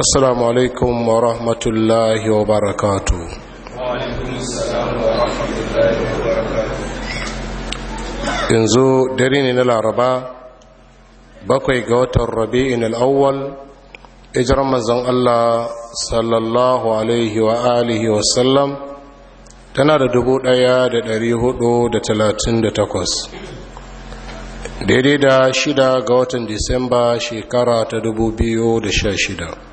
assalamu alaikum wa rahmatullahi wa barakatu yanzu dare ne na laraba bakwai ga watan rabi'in al'awwal ijiran manzon allah sallallahu alaihi wa alihi sallam tana da dubu ɗaya da dari hudu da talatin da takwas daidai da shida ga watan disamba shekara ta dubu biyu da sha shida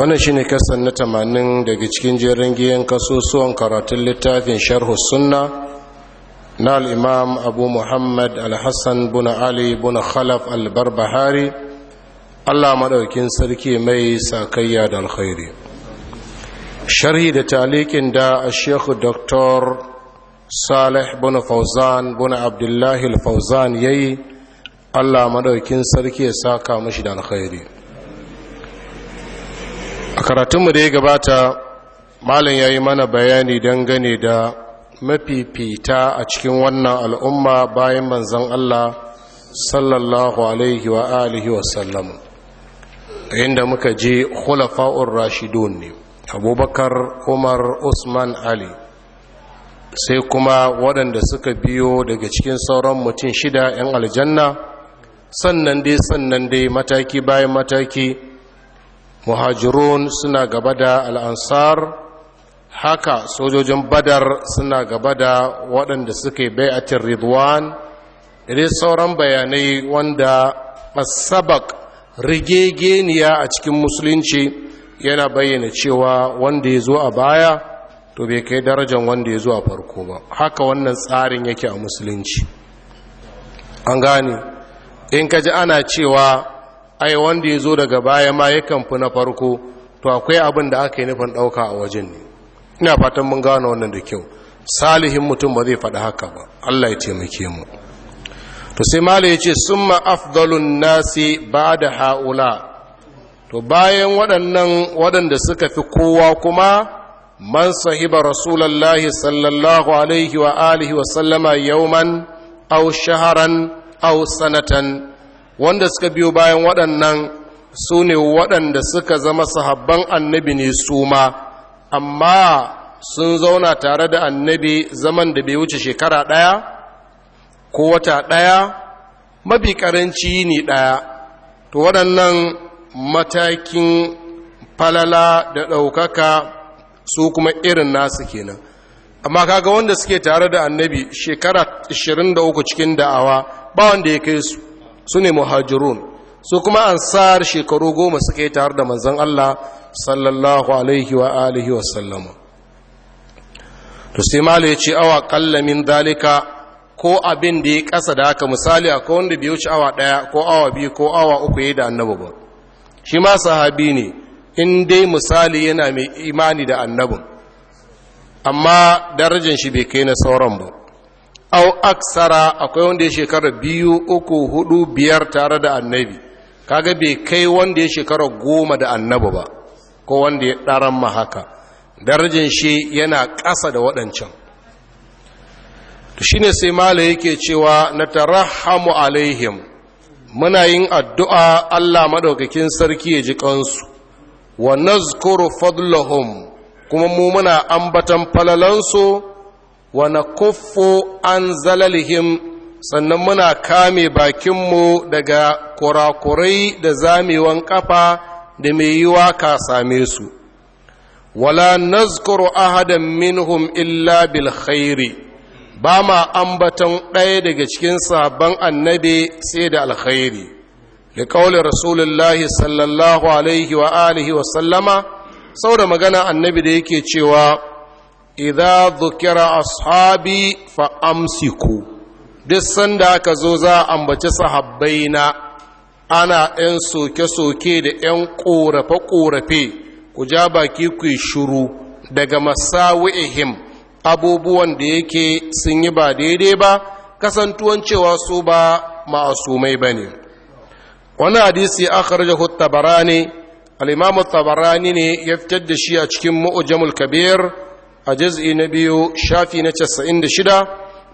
wannan shine kasan na tamanin daga cikin jerin giyan kasusuwan karatun littafin sharhu sunna na al'imam abu muhammad AlHassan buna ali buna khalaf al allah maɗaukin sarki mai sakayya da alkhairi sharhi da talikin da a shekhu Dr salih buna fauzan buna abdullahi fauzan ya yi allah maɗaukin sarki ya saka mashi da alkhairi a karatunmu da ya gabata malin ya yi mana bayani dangane da mafifita a cikin wannan al'umma bayan manzan Allah sallallahu alaihi wa alihi wasallam inda muka je hulafa'ur rashidun ne abubakar umar usman ali sai kuma waɗanda suka biyo daga cikin sauran mutum shida 'yan aljanna sannan dai sannan dai mataki bayan mataki muhajirun suna gaba da al'ansar haka sojojin badar suna gaba da waɗanda suke bai'atin ridwan da sauran bayanai wanda masabak rigegeniya a cikin musulunci yana bayyana cewa wanda ya zo a baya to bai kai darajar wanda ya zo a farko ba haka wannan tsarin yake a musulunci an gani in ka ji ana cewa ai wanda ya zo daga baya ma yakan fi na farko to akwai abin da aka yi nufin ɗauka a wajen ne ina fatan mun gano wannan da kyau salihin mutum ba zai faɗi haka ba allah ya taimake mu to sai mala ya ce sun afdalun nasi ba da ha'ula to bayan waɗannan waɗanda suka fi kowa kuma man sahiba rasulallah sallallahu alaihi wa alihi wa sallama yauman aw shaharan aw sanatan wanda suka biyo bayan waɗannan su ne waɗanda suka zama sahabban annabi ne su ma amma sun zauna tare da annabi zaman da bai wuce shekara ɗaya ko wata ɗaya mafi ƙaranci ne ɗaya to waɗannan matakin falala da ɗaukaka su kuma irin nasu kenan amma kaga wanda suke tare da annabi shekara 23 cikin da'awa ba wanda ya kai su su ne muhajirun su kuma ansar shekaru goma suka yi tare da manzon Allah sallallahu alaihi wa alihi wa sallama to sai ya ce awa kalla min dalika ko abin da ya kasa da haka misali akwai wanda bai wuce awa daya ko awa biyu ko awa uku ya da annabi ba shi ma sahabi ne in dai misali yana mai imani da annabin amma darajar shi bai kai na sauran ba au aksara akwai wanda ya shekara biyu uku hudu biyar tare da annabi kaga bai kai wanda ya shekara goma da annabi ba ko wanda ya ɗaran ma haka darajin shi yana ƙasa da waɗancan to shine sai mala yake cewa na tarahamu alaihim muna yin addu'a Allah maɗaukakin sarki ya ji kansu wa nazkuru fadlahum kuma mu muna ambatan falalansu wa na kuffu an zalalihim sannan muna kame bakinmu daga kurakurai da zamewan kafa da mai yiwa ka same su wala nazkuru ahadan minhum illa bil khairi ba ma ambaton ɗaya daga cikin sabon annabi sai da alkhairi da kaulin rasulullahi sallallahu alaihi wa alihi wa sallama sau da magana annabi da yake cewa idza dhukira ashabi fa amsiku duk sanda aka zo za a ambaci na, ana ɗan soke-soke da 'yan ƙorafe-ƙorafe ku ja baki ku shuru daga masawi'ihim abubuwan da yake sun yi ba daidai ba kasantuwan cewa su ba ma'asumai ba ne wani hadisi aka rajahu tabarani al'imamu tabarani ne ya fitar da shi a cikin mu'ujamul kabir a juz'i na biyu shafi na casa'in da shida,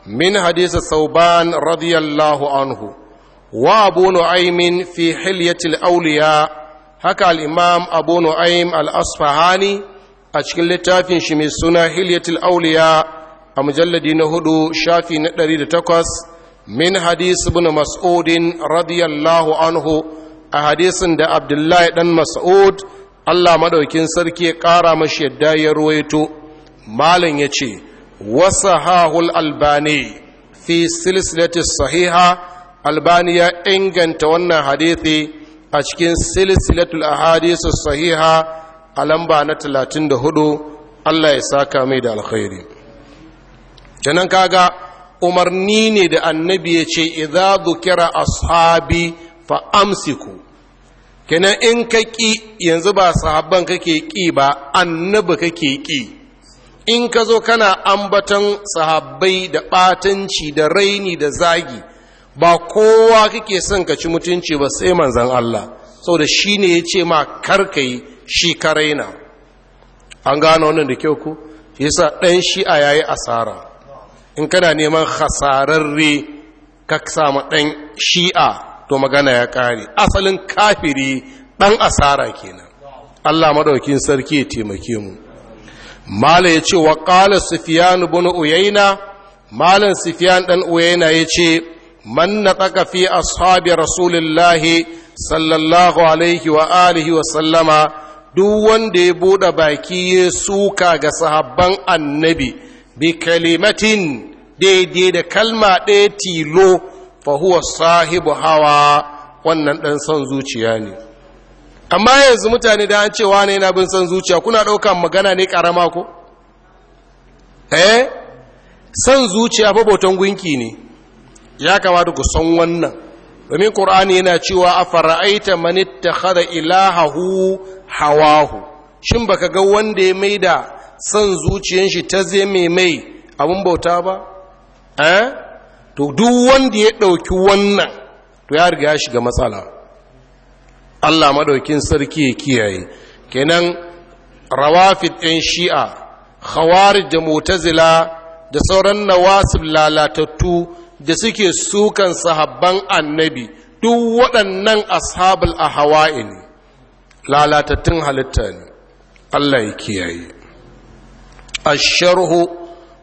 min hadisi sauban radiyallahu anhu wa abu nu'aymin fi hilyatil auliya haka al'imam abu nu'aym al-asfahani a cikin littafin shi mai suna hilyatil auliya a mujalladi na hudu shafi na da takwas, min hadisi ibn mas'udin radiyallahu anhu a hadisin da abdullahi dan mas'ud Allah madaukin sarki ya ƙara mashi yadda ya ruwaito malam ya ce wasa hahul albani fi silsilatu sahiha albani ya inganta wannan hadithi a cikin silsilatul ahadisu sahiha a lamba na 34 Allah ya saka mai da alkhairi canan kaga umarni ne da annabi ya ce idza dhukira ashabi fa amsiku kenan in ka yanzu ba sahabban kake ƙi ba annabi kake ƙi in ka zo kana ambatan sahabbai da ɓatanci da raini da zagi ba kowa kake son ka ci mutunci ba sai manzan Allah saboda shi ne ya ce ma karkai shi ka raina an gano wannan da kyau ku yasa ɗan shi'a yayi asara in kana neman hasararre ka samu ɗan shi'a to magana ya ƙare asalin kafiri ɗan asara kenan Allah maɗaukin sarki ya taimake mu mala ya ce wa ƙala sufiyan bin uyaina malan sufiyan ɗan uyaina ya ce man na tsaka fi ashabi rasulillahi sallallahu alaihi wa alihi wa sallama duk wanda ya buɗe baki ya suka ga sahabban annabi bi kalimatin daidai da kalma ɗaya tilo fa sahibu hawa wannan ɗan son zuciya ne amma yanzu mutane da an cewa ne na bin san zuciya kuna ɗaukan magana ne ƙarama ko eh son zuciya fa bautan gunki ne ya kamata ku san wannan domin ƙur'ani yana cewa afara'aita man ittakhadha ilahahu hawahu shin baka ga wanda ya mai da san zuciyan shi ta zame mai abun bauta ba eh to duk wanda ya ɗauki wannan to ya riga shi shiga matsala Allah maɗaukin sarki ya kiyaye kenan rawafid ɗin shi'a khawarij da mutazila da sauran nawasib lalatattu da suke sukan sahabban annabi duk waɗannan ashabul ahawa'i ne lalatattun halitta ne Allah ya kiyaye asharhu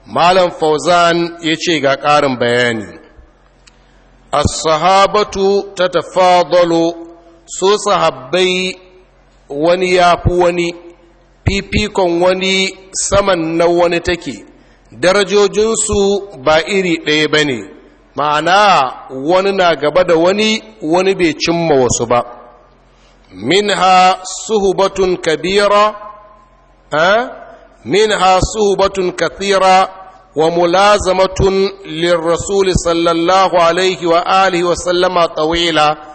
malam fauzan ya ce ga ƙarin bayani as-sahabatu ta tatafadalu So sahabbai wani ya fi wani fifikon wani saman na wani take darajojinsu ba iri ɗaya ba ne ma'ana wani na gaba da wani wani bai cimma wasu ba minha suhubatun kabira eh? minha suhubatun kathira wa mulazamatun lirrasuli sallallahu alaihi wa alihi wa sallama tawila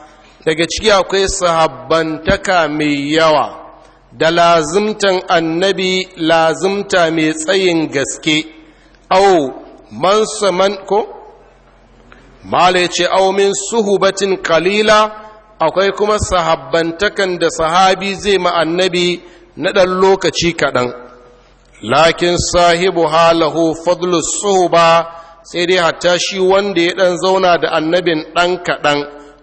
daga ciki akwai sahabbantaka mai yawa da lazimtan annabi lazimta mai tsayin gaske au man saman ko mala ce au min suhubatin kalila akwai kuma sahabbantakan da sahabi zai ma annabi na ɗan lokaci kaɗan lakin sahibu halahu fadlus suhuba sai dai hatta shi wanda ya ɗan zauna da annabin ɗan kaɗan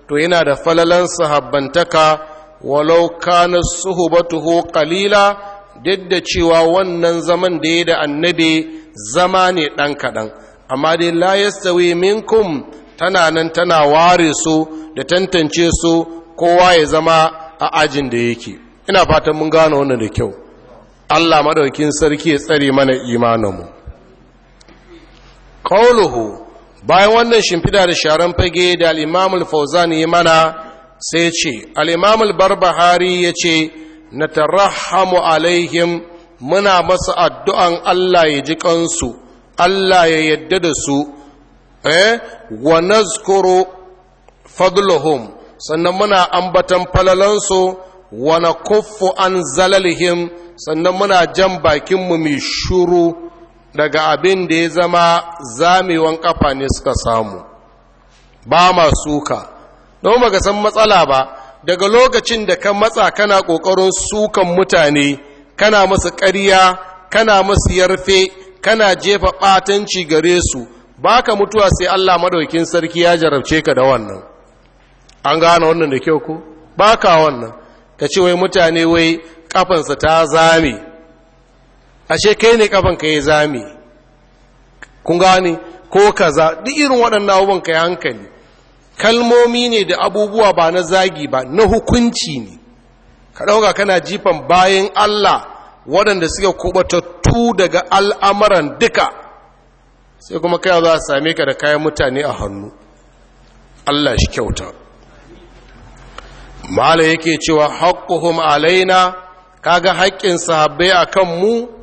to yana da falalan sahabbantaka walau kana suhubatuhu qalila duk da cewa wannan zaman da ya da annabi zama ne ɗan kaɗan amma dai la yastawi minkum tana nan tana ware su da tantance su kowa ya zama a ajin da yake ina fatan mun gano wannan da kyau Allah madaukin sarki ya tsare mana imaninmu qauluhu bayan wannan shimfida da sharan fage da al'imamul fauzan yi mana sai ce al'imamul barbahari ya ce na tarahamu alaihim muna masu addu'an Allah ya ji kansu Allah ya yadda da su eh wa nazkuru fadluhum sannan muna ambatan falalansu wa na kuffu an zalalihim sannan muna jan bakinmu mai shuru daga abin da ya zama zamewan kafa ne suka samu ba ma suka don baka san matsala ba daga lokacin da ka matsa kana ƙoƙarin sukan mutane kana masu ƙarya kana masu yarfe kana jefa ɓatanci gare su ba ka mutuwa sai allah madaukin sarki ya jarabce ka da wannan an gane wannan da kyau ko ba ka wannan ka ce wai mutane wai kafansa ta zame ashe kai ne kafan ka yi zami kun gane ko kaza duk irin waɗannan abubuwan ka yi hankali kalmomi ne da abubuwa ba na zagi ba na hukunci ne ka ɗauka kana jifan bayan Allah waɗanda suka kubatattu daga al'amuran duka sai kuma kai za a same ka da kayan mutane a hannu Allah shi kyauta mala yake cewa haƙƙuhum alaina kaga haƙƙin sahabbai akan mu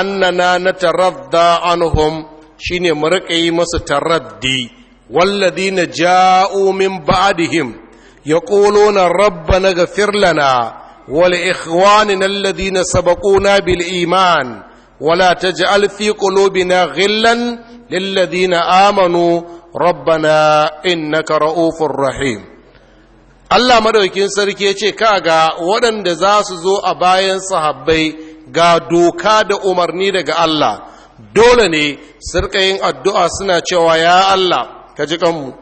annana na taradda anhum shine mu yi masu taraddi walladina ja'u min na rabba rabbana ghfir lana wa li ikhwanina sabaƙo na bil iman wala taj'al fi qulubina ghillan lil ladina amanu rabbana inna ra'ufur rahim Allah madaukin sarki ya ce kaga waɗanda za su zo a bayan sahabbai ga doka da umarni daga Allah dole ne su yin addu'a suna cewa ya Allah ka ji kanmu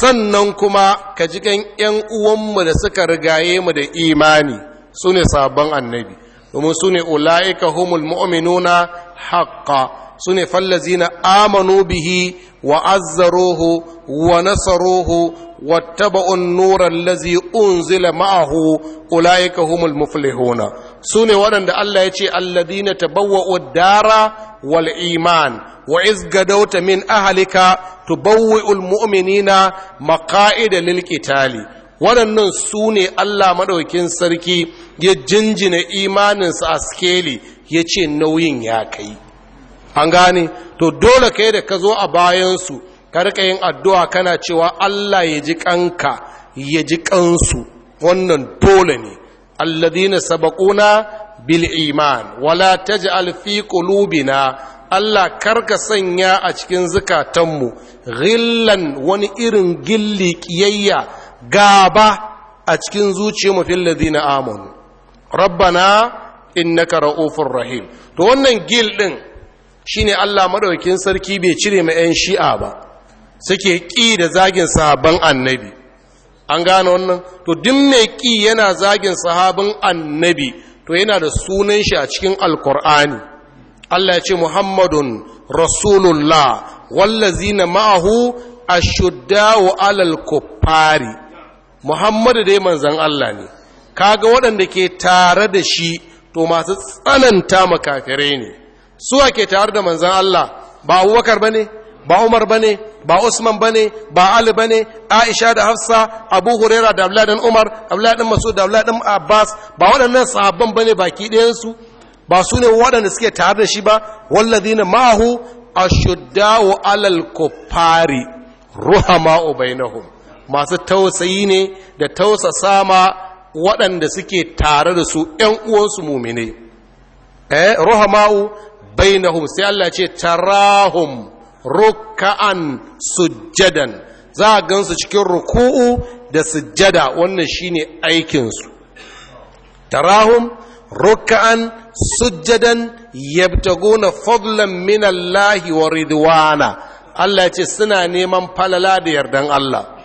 sannan kuma ka ji kan ‘yan uwanmu da suka rigaye mu da imani su ne sabon annabi domin su ne ula'ika humul mu'minuna haƙƙa su ne na amanu bihi wa azzaruhu wa nasaruhu wa taba'un nuran lazi unzila ma'ahu ula'ika humul muflihuna su ne waɗanda Allah ya ce alladina tabawwa'u dara wal iman wa gadauta min ahalika tubawwi'ul mu'minina maqa'ida lil qitali waɗannan su ne Allah maɗaukin sarki ya jinjina imaninsa a skeli ya ce nauyin ya kai an gane to dole kai da ka zo a bayansu ka rika yin addu'a kana cewa Allah ya ji kanka ya ji kansu wannan dole ne alladhina sabaƙuna bil iman wala taj'al fi qulubina Allah karka sanya a cikin zukatanmu ghillan wani irin gilli kiyayya gaba a cikin zuciyarmu fil ladina amanu rabbana innaka ra'ufur rahim to wannan gil din shine Allah madaukakin sarki bai cire ma yan shi'a ba suke ƙi da zagin sahabban annabi an gane wannan to duk mai ƙi yana zagin sahabin annabi to yana da sunan shi a cikin alkur'ani Allah ya ce muhammadun rasulullah wallazina ma'ahu ashuddawu alal kuffari muhammadu dai manzon Allah ne kaga waɗanda ke tare da shi to masu tsananta makafirai ne su ake tare da manzon Allah ba abubakar ba ne ba Umar bane ba Usman bane ba Ali bane Aisha da Hafsa Abu Huraira da Abdullah Umar Abdullah Mas'ud da Abdullah Abbas ba waɗannan sahabban bane baki ɗayan su ba su ne waɗanda suke tare da shi ba walladhina mahu ashudda'u 'alal kuffari ruhama'u bainahum masu tausayi ne da tausa sama waɗanda suke tare da su ƴan uwansu mumine eh ruhama'u bainahum sai Allah ce tarahum rukka'an sujjadan za a gansu cikin ruku'u da sujjada wannan shine aikinsu tarahum rukka'an sujjadan yabtaguna fadlan min Allah wa ridwana Allah ce suna neman falala da yardan Allah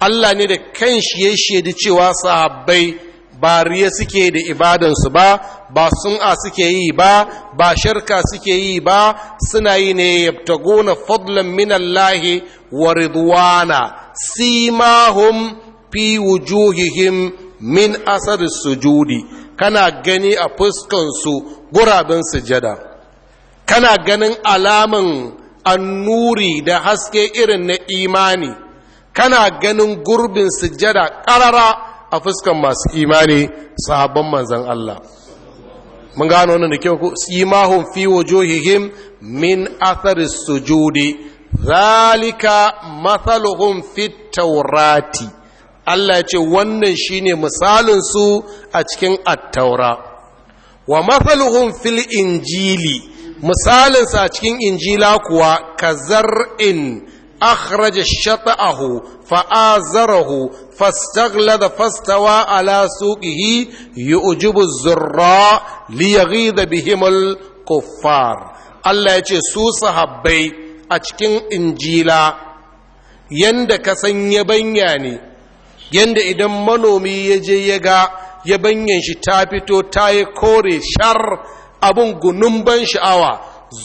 Allah ne da kanshi ya shaidi cewa sahabbai ba riya suke da ibadansu ba ba sun'a suke yi ba ba sharka suke yi ba suna yi ne yabtaguna fadlan lahi wa ridwana simahum fi wujuhihim min asar sujudi kana gani a fuskan fuskansu gurabin sujada kana ganin alaman annuri da haske irin na imani kana ganin gurbin sujada ƙarara a fuskan masu imani sahabban manzan Allah mun gano wannan da kyau simahum fi wujuhihim min su sujudi zalika mathaluhum fi taurati Allah ya ce wannan shine misalin su a cikin attaura wa mathaluhum fil injili misalinsu a cikin injila kuwa kazar in akhraja shata'ahu fa'azarahu فاستغلظ فاستوى على سوقه يعجب الزراء ليغيظ بهم الكفار Allah yace su sahabbai a cikin injila yanda ka san yabanya yanda idan manomi ya je ya ga banyan shi ta fito ta yi kore shar abin gunun ban sha'awa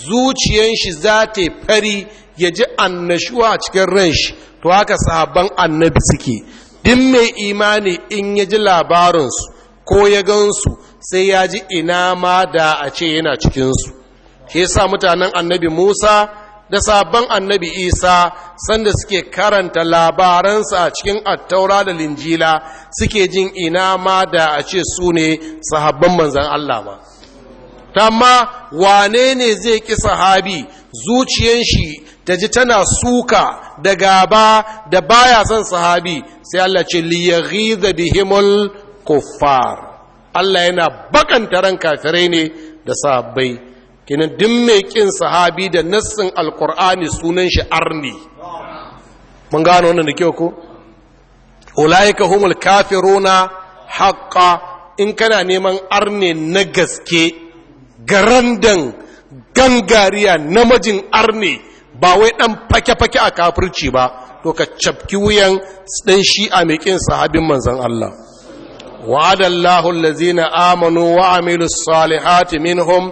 zuciyan shi za ta fari ya ji annashuwa a cikin ran shi to haka sahabban annabi suke duk mai imani in ya ji labarinsu ko ya gansu sai ya ji ina ma da a ce yana cikinsu ke sa mutanen annabi musa da sabon annabi isa sanda suke karanta labaransa a cikin attaura da linjila suke jin ina ma da a ce su ne sahabban manzan allah ma tamma wane ne zai ki sahabi zuciyanshi? shi ta ji tana suka da gaba da baya son sahabi sai Allah ce liyaghiza bihimul kuffar Allah yana bakanta ran kafirai ne da sahabbai kina duk mai kin sahabi da nassin alqur'ani sunan shi arni mun gano wannan da kyau ko ulaika humul kafiruna haqqan in kana neman arne na gaske garandan gangariya namijin arne ba wai ɗan fake-fake a kafirci ba to ka cafki wuyan ɗan shi'a mai ƙin sahabin manzan Allah wa'adallahu allazina amanu wa amilu salihati minhum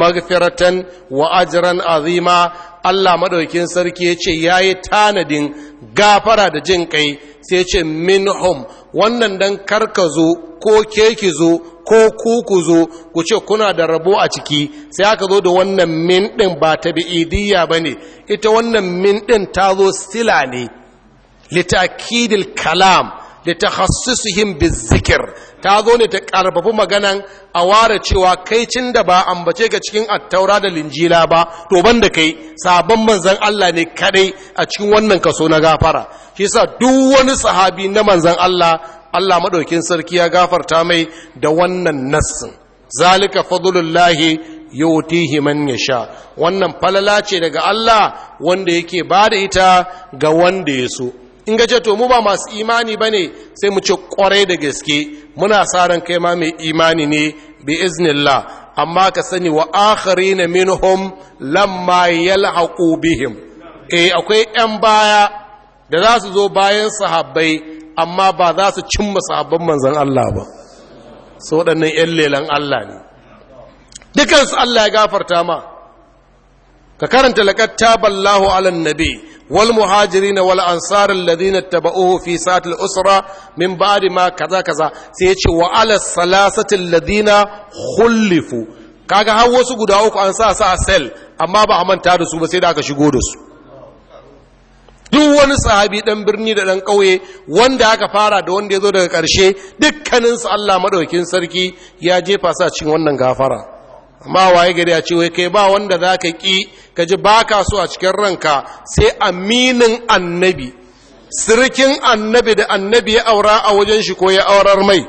magfiratan wa ajran azima Allah madaukin sarki yace yayi tanadin gafara da jin kai sai ce minhum wannan dan karka zo ko keki zo ko kuku zo ku ce kuna da rabo a ciki sai aka zo da wannan min din ba ta bi'idiyya ba ne ita wannan min din ta zo stila ne litakidil kalam da ta him bizikir ta zo ne ta karbabu maganan a ware cewa kai cin da ba ambace ka cikin attaura da linjila ba to ban da kai sabon manzan Allah ne kadai a cikin wannan kaso na gafara shi sa duk wani sahabi na manzan Allah Allah madaukin sarki ya gafarta mai da wannan nassin zalika fadlullahi yutihi man sha. wannan falala ce daga Allah wanda yake bada ita ga wanda ya so in ga to mu ba masu imani ba ne sai mu ce kwarai da gaske muna sa ran kai ma mai imani ne bi iznillah amma ka sani wa akhari na minhum lamma yalhaqu bihim eh akwai yan baya da za su zo bayan sahabbai amma ba za su cimma sahabban manzon Allah ba su waɗannan yan lelan Allah ne dukansu Allah ya gafarta ma ka karanta laqad taballahu alannabi. nabi wal muhajiri na wal ansar alladhina tabauhu fi sa'at al usra min ba'di ma kaza kaza sai ya ce wa ala salasati alladhina kaga har wasu guda uku an sa sa sel amma ba a manta da su ba sai da aka shigo da su duk wani sahabi dan birni da dan kauye wanda aka fara da wanda ya zo daga ƙarshe dukkaninsu Allah madaukin sarki ya jefa sa cikin wannan gafara amma waye gari a ce kai ba wanda za ka ƙi ka ji ba ka so a cikin ranka sai aminin annabi sirikin annabi da annabi ya aura a wajen shi ko ya aurar mai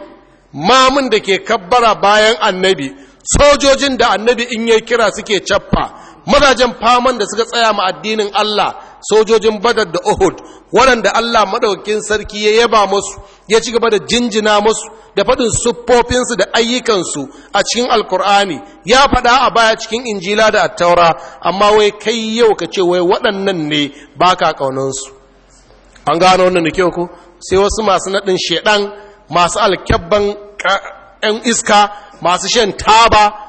mamun da ke kabbara bayan annabi sojojin da annabi in ya kira suke cappa mazajen faman da suka tsaya ma addinin Allah sojojin badar da ohud waɗanda Allah maɗaukin sarki ya yaba musu ya ci gaba da jinjina musu da faɗin siffofinsu da ayyukansu a cikin alkur'ani ya faɗa a baya cikin injila da attaura amma wai kai yau ka ce wai waɗannan ne ba ka ƙaunansu an gano wannan da kyau ko sai wasu masu naɗin shaiɗan masu alkyabban 'yan iska masu shan taba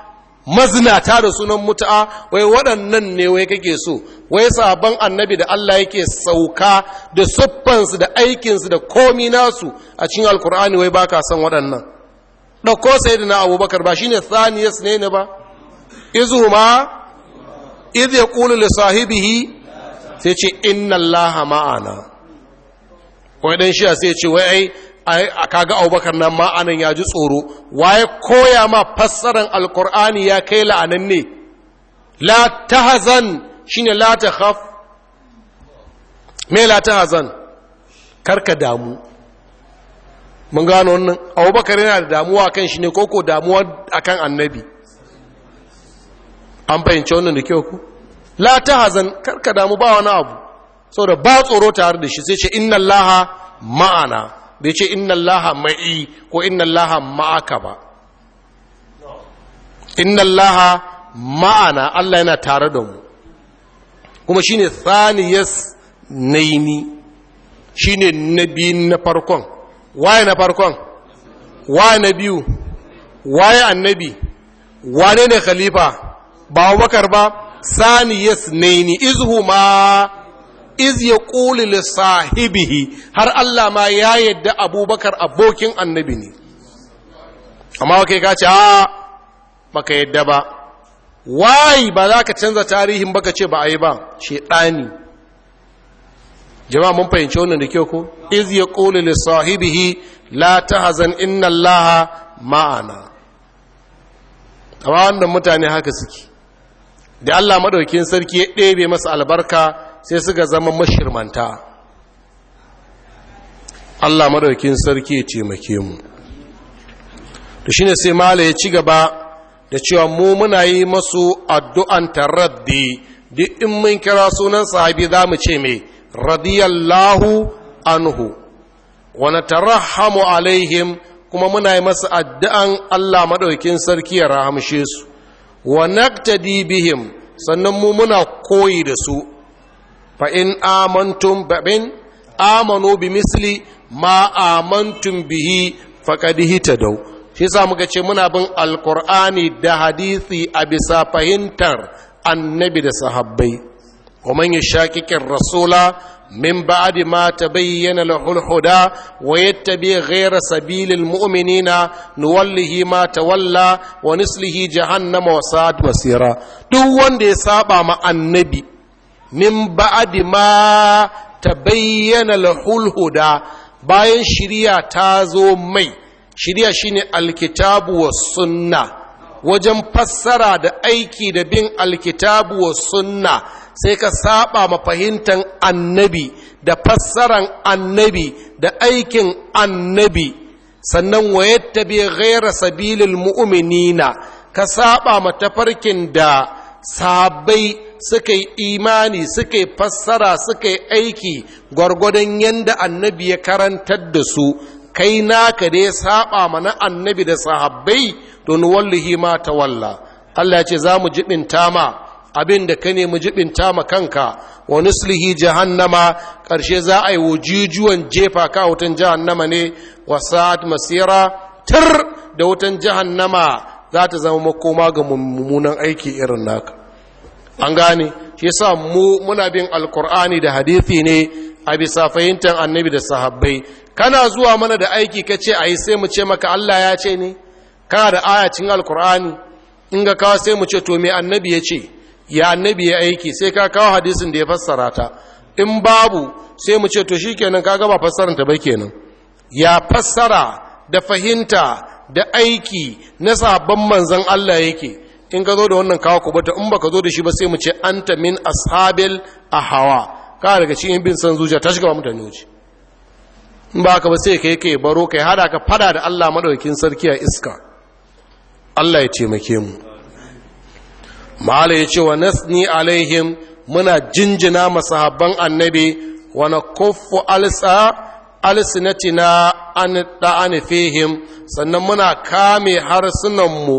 mazinata da sunan mutu'a wai waɗannan ne wai kake so wai sabon annabi da Allah yake sauka da siffansu da aikinsu da komi nasu a cikin alkur'ani wai baka son waɗannan ɗauko sai da na abubakar ba shine thaniyas ne ne ba izu ma izu ya ƙulu da sahibihi sai ce inna allaha ma'ana wai dan a sai ce wai a kaga abubakar nan ma anan ya ji tsoro waye koya ma fassarar alkur'ani ya kai la'anan ne la shi ne la ta haf? me la ta hazan karka damu mun gano wannan abubakar yana da damuwa kan shi ne koko damuwa akan annabi an fahimci wannan da kyau ku la ta hazan karka damu ba wani abu saboda ba tsoro tare da shi sai ce inna laha ma'ana bai ce inna allaha ma'i ko inna allaha ma'aka ba inna allaha ma'ana Allah yana tare da mu kuma shine thaniyas naini shine nabi na farkon waye na farkon waye na biyu waye annabi wane ne khalifa ba wakar ba saniyas naini izhuma iz ya ƙuli lissahibihi har Allah ma ya yadda abubakar abokin annabi ne amma kai ka ce a baka yadda ba wayi ba za ka canza tarihin baka ce ba a yi ba shaidani jama'a mun fahimci wannan da kyau ko iz ya ƙuli lissahibihi la tahzan inna allaha ma'ana amma wannan mutane haka suke da Allah madaukin sarki ya ɗebe masa albarka sai suka zama mashirmanta Allah madaukin sarki ya taimake mu to shine sai mala ya ci gaba da cewa mu muna yi masu addu'an taraddi duk in mun kira sunan sahabi za mu ce mai radiyallahu anhu wani tarahamu alaihim kuma muna yi masu addu'an Allah maɗaukin sarki ya rahamshe su wa naktadi bihim sannan mu muna koyi da su فإن آمنتم بمن آمنوا بمثل ما آمنتم به فقد هتدوا shi sa muka ce muna bin alkur'ani da hadisi a bisa fahimtar annabi da sahabbai kuma yi shakikin rasula min ba'adi ma ta bayyana lahul huda wa yadda bi ghaira sabilil mu'minina nuwallihi ma ta walla wa nislihi jahannama wa sa'ad basira duk wanda ya saɓa ma annabi min ba'adi ma ta lahul huda bayan shirya ta zo mai shiriya shine alkitabu wa sunna wajen fassara da aiki da bin alkitabu wa sunna sai ka saba ma fahimtar annabi da fassaran annabi da aikin annabi sannan yadda bai gaira sabilin mu'minina ka saba ma tafarkin da sabai suka imani suka fassara suka aiki gwargwadon yadda annabi ya karantar da su kai naka da ya saba mana annabi da sahabbai don wallahi ma ta walla Allah ya ce za mu jibinta ma abin da ka nemi jibinta ma kanka wa nuslihi jahannama Karshe za a yi wujujuwan jefa ka wutan jahannama ne wa sa'at masira tir da wutan jahannama za ta zama makoma ga mummunan aiki irin naka an gane shi sa mu muna bin alkur'ani da hadithi ne a bisa fahimtar annabi da sahabbai kana zuwa mana da aiki ka ce a yi sai mu ce maka allah ya ce ne kana da ayacin alkur'ani in ga kawo sai mu ce to me annabi ya ce ya annabi ya aiki sai ka kawo hadisin da ya fassara ta in babu sai mu ce to shikenan ka gaba fassarar ta ba kenan ya fassara da fahimta da aiki na sabon manzon Allah yake in ka zo da wannan kawo kubuta in baka zo da shi ba sai mu ce anta min ashabil ahawa ka daga cikin bin san zuciya ta shiga mutane wuce in ba ka ba sai kai kai baro kai hada ka fada da Allah madaukakin sarki a iska Allah ya taimake mu mala ya ce wa nasni alaihim muna jinjina masahabban annabi wa nakuffu alsa alsinatina an da'ani fihim sannan muna kame harsunanmu mu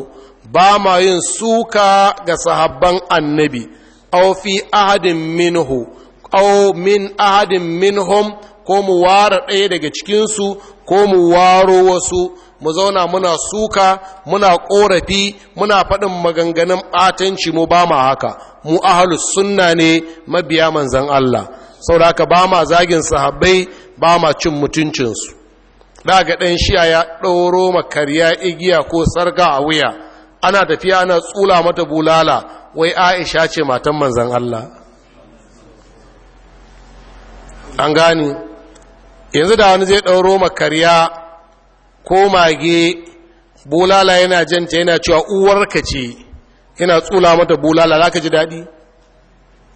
ba ma yin suka ga sahabban annabi aw fi ahadin minhu aw min ahadin minhum ko mu wara ɗaya daga cikinsu ko mu waro wasu mu zauna muna suka muna ƙorafi muna faɗin maganganun ɓatanci mu ba ma haka mu ahalus sunna ne mabiya manzan Allah saboda haka ba ma zagin sahabbai ba ma cin mutuncinsu daga ɗan shiya ya ɗauro makarya igiya ko sarga a wuya ana tafiya ana tsula mata bulala wai aisha ce matan manzan Allah an gani yanzu da wani zai ɗauro makarya ko mage bulala yana janta yana cewa uwarka ce yana tsula mata bulala za ka ji daɗi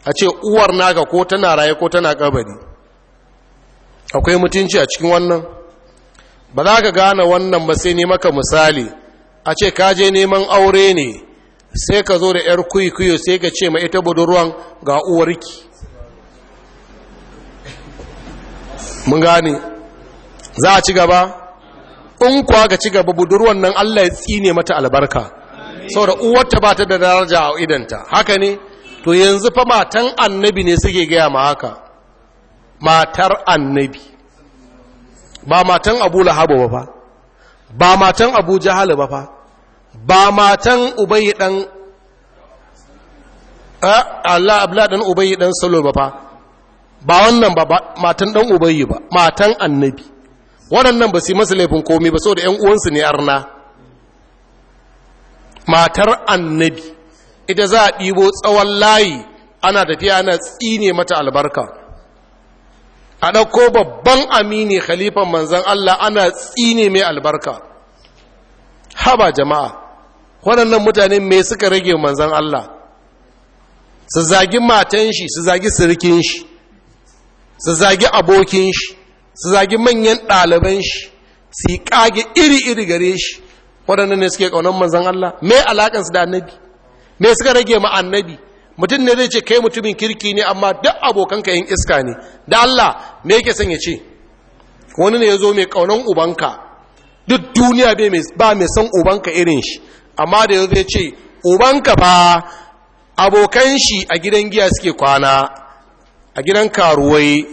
a ce uwar naka ko tana raye ko tana kabari akwai mutunci a cikin wannan ba za ka gane wannan ba sai ne maka misali a ce ka je neman aure ne sai ka zo da 'yar kuikuyo sai ka ce ma ita budurwan ga uwarki mun gane za a ci gaba in kuwa ga ci gaba budurwan nan allah ya tsine mata albarka saboda uwarta ba ta da daraja a idanta haka ne to yanzu fa matan annabi ne suke gaya ma haka matar annabi ba matan abu lahabu ba fa ba matan abu jahal ba fa ba matan ubayi dan Allah abla dan ubayi dan salo ba fa ba wannan ba matan dan ubayi ba matan annabi waɗannan ba su masa laifin komai ba saboda ƴan uwansu ne arna matar annabi ita za a ɗibo tsawon layi ana tafiya na tsine mata albarka a ɗauko babban amini khalifan manzan Allah ana tsine mai albarka haba jama'a waɗannan mutane me suka rage manzan Allah su zagi matan shi su zagi sirkin shi su zagi abokin shi su zagi manyan ɗaliban shi su kage iri-iri gare shi waɗannan ne suke ƙaunar manzan Allah me alaƙansu da annabi me suka rage ma annabi mutum ne zai ce kai mutumin kirki ne amma duk abokanka yin iska ne da Allah me yake son ya ce wani ne ya zo mai kaunan ubanka duk duniya ba mai son ubanka irin shi amma da ya zai ce ubanka ba, abokan shi a gidan giya suke kwana a gidan karuwai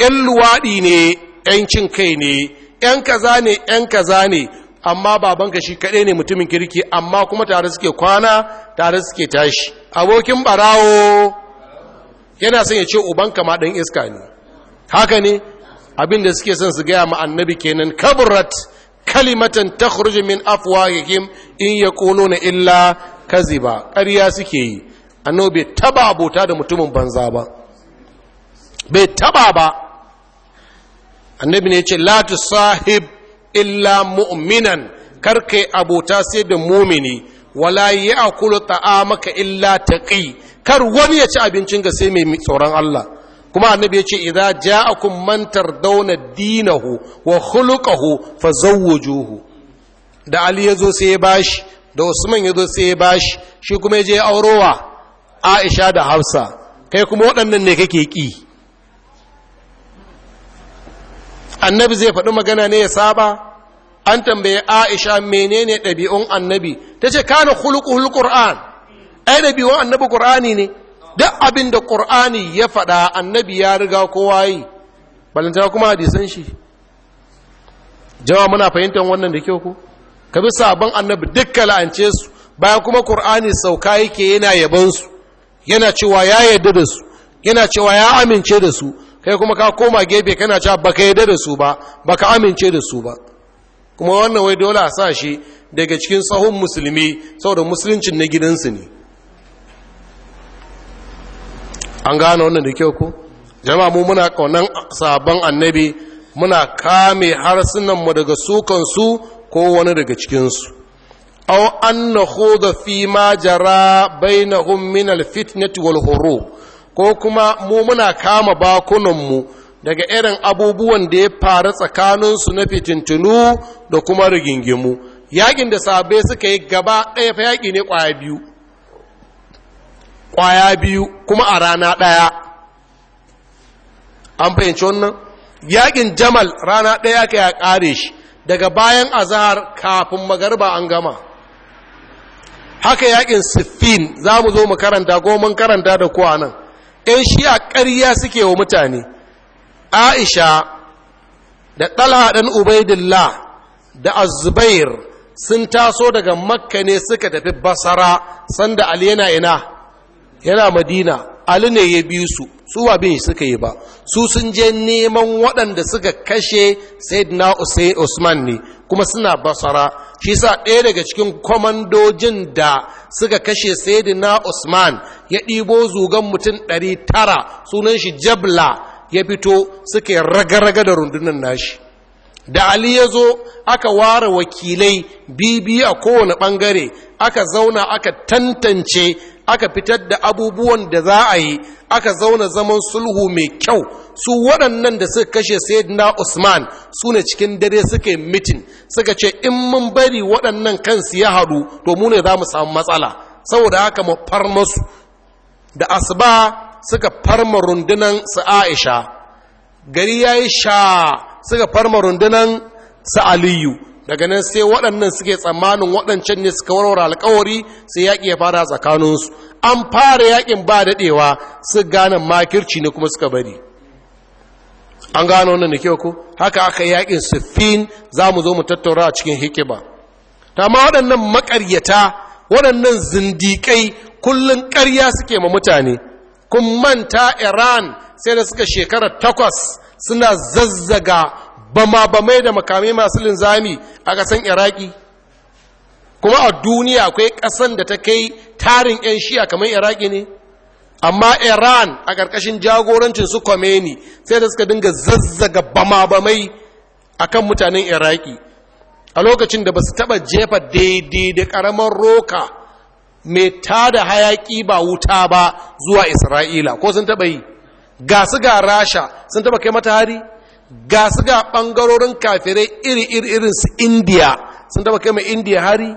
'yan luwaɗi ne 'yan kai ne 'yan kaza ne 'yan kaza ne amma babanka shi kaɗai ne mutumin kirki amma kuma tare suke kwana tare suke tashi abokin barawo yana son ya ce ubanka ma ɗan iska ne haka ne abinda suke son su gaya ma annabi kenan kaburat kalimatan ta min ke in ya na illa kaziba ƙarya suke yi annabi bai taba abota da mutumin banza ba bai taba ba annabi ne ya ce la tusahib illa mu'minan kar yi abota sai da mumini wala ya'kulu ta'amaka illa taqi kar wani ya ci abincin ga sai mai tsoron Allah kuma annabi ya ce idza ja'akum man tardawna dinahu wa khuluquhu fazawwujuhu da Ali yazo sai ya bashi da Usman yazo sai ya bashi shi kuma ya je aurowa Aisha da Hafsa kai kuma waɗannan ne kake ki annabi zai faɗi magana ne ya saba an tambaye aisha menene ɗabi'un annabi ta ce kana hulƙu qur'an ai ɗabi'un annabi ƙur'ani ne duk abin da ƙur'ani ya faɗa annabi ya riga kowa yi balantana kuma hadisan shi jawa muna fahimtar wannan da kyau ko ka bi sabon annabi dukkan la'ance su bayan kuma ƙur'ani sauka yake yana yabon su yana cewa ya yarda da su yana cewa ya amince da su kai kuma ka koma gefe kana cewa baka yarda da su ba baka amince da su ba kuma wannan wai dole a sa shi daga cikin tsohon musulmi saboda musuluncin na gidansu ne an gane wannan da kyau ko jama'a mu muna kaunan sabon annabi muna kame mu daga sukansu ko wani daga cikinsu aw an na fi ma jara bainahum min alfitnati wal hurub ko kuma mu muna kama bakunanmu daga irin abubuwan da ya faru tsakaninsu na fitintunu da kuma rigingimu yakin da sabai suka yi gaba ɗaya fa yaƙi ne ƙwaya biyu ƙwaya biyu kuma a rana ɗaya an fahimci wannan yaƙin jamal rana ɗaya ka ya ƙare shi daga bayan azahar kafin magarba an gama haka yaƙin siffin za mu zo mu karanta ko mun karanta da kuwa nan ‘yan shi a ƙarya suke wa mutane aisha da ɗala ɗan ubaidillah da azubair sun taso daga makka ne suka tafi basara sanda ali yana ina yana madina ali ne ya biyu su su ba bin suka yi ba su sun je neman waɗanda suka kashe sayyidina usman ne kuma suna basara shi sa ɗaya daga cikin kwamandojin da suka kashe sayyidina Usman ya ɗibo zugan mutum ɗari tara sunan shi Jabla ya fito suka raga-raga da rundunar nashi da Ali ya zo aka ware wakilai bibi a kowane ɓangare aka zauna aka tantance aka fitar da abubuwan da za a yi aka zauna zaman sulhu mai kyau su waɗannan da suka kashe sayyidina usman su ne cikin dare suka yi mitin suka ce in mun bari waɗannan kansu ya haɗu to mu ne za mu samu matsala saboda haka mu far da asuba suka farma rundunan su aisha gari ya yi sha suka farma rundunan su aliyu daga nan sai waɗannan suke tsammanin waɗancan ne suka warware alkawari sai yaƙi ya fara tsakaninsu an fara yaƙin ba daɗewa su gane makirci ne kuma suka bari an gano wannan da kyau ku haka aka yaƙin siffin za mu zo mu tattaura a cikin hikima ta ma waɗannan maƙaryata waɗannan zindiƙai kullum ƙarya suke ma mutane kun manta iran sai da suka shekara takwas suna zazzaga ba ma ba mai da makamai masu linzami a ƙasan iraki kuma a duniya akwai ƙasan da ta kai tarin 'yan shiya kamar iraki ne amma iran a ƙarƙashin jagorancin su kwameni sai da suka dinga zazzaga bama-bamai a kan mutanen iraki a lokacin da ba su taɓa jefa daidai da ƙaramar roka mai tada hayaƙi ba wuta ba zuwa isra'ila ko sun taɓa yi ga su ga rasha sun taɓa kai mata hari ga su ga ɓangarorin kafirai iri iri irin su indiya sun taba kai ma indiya hari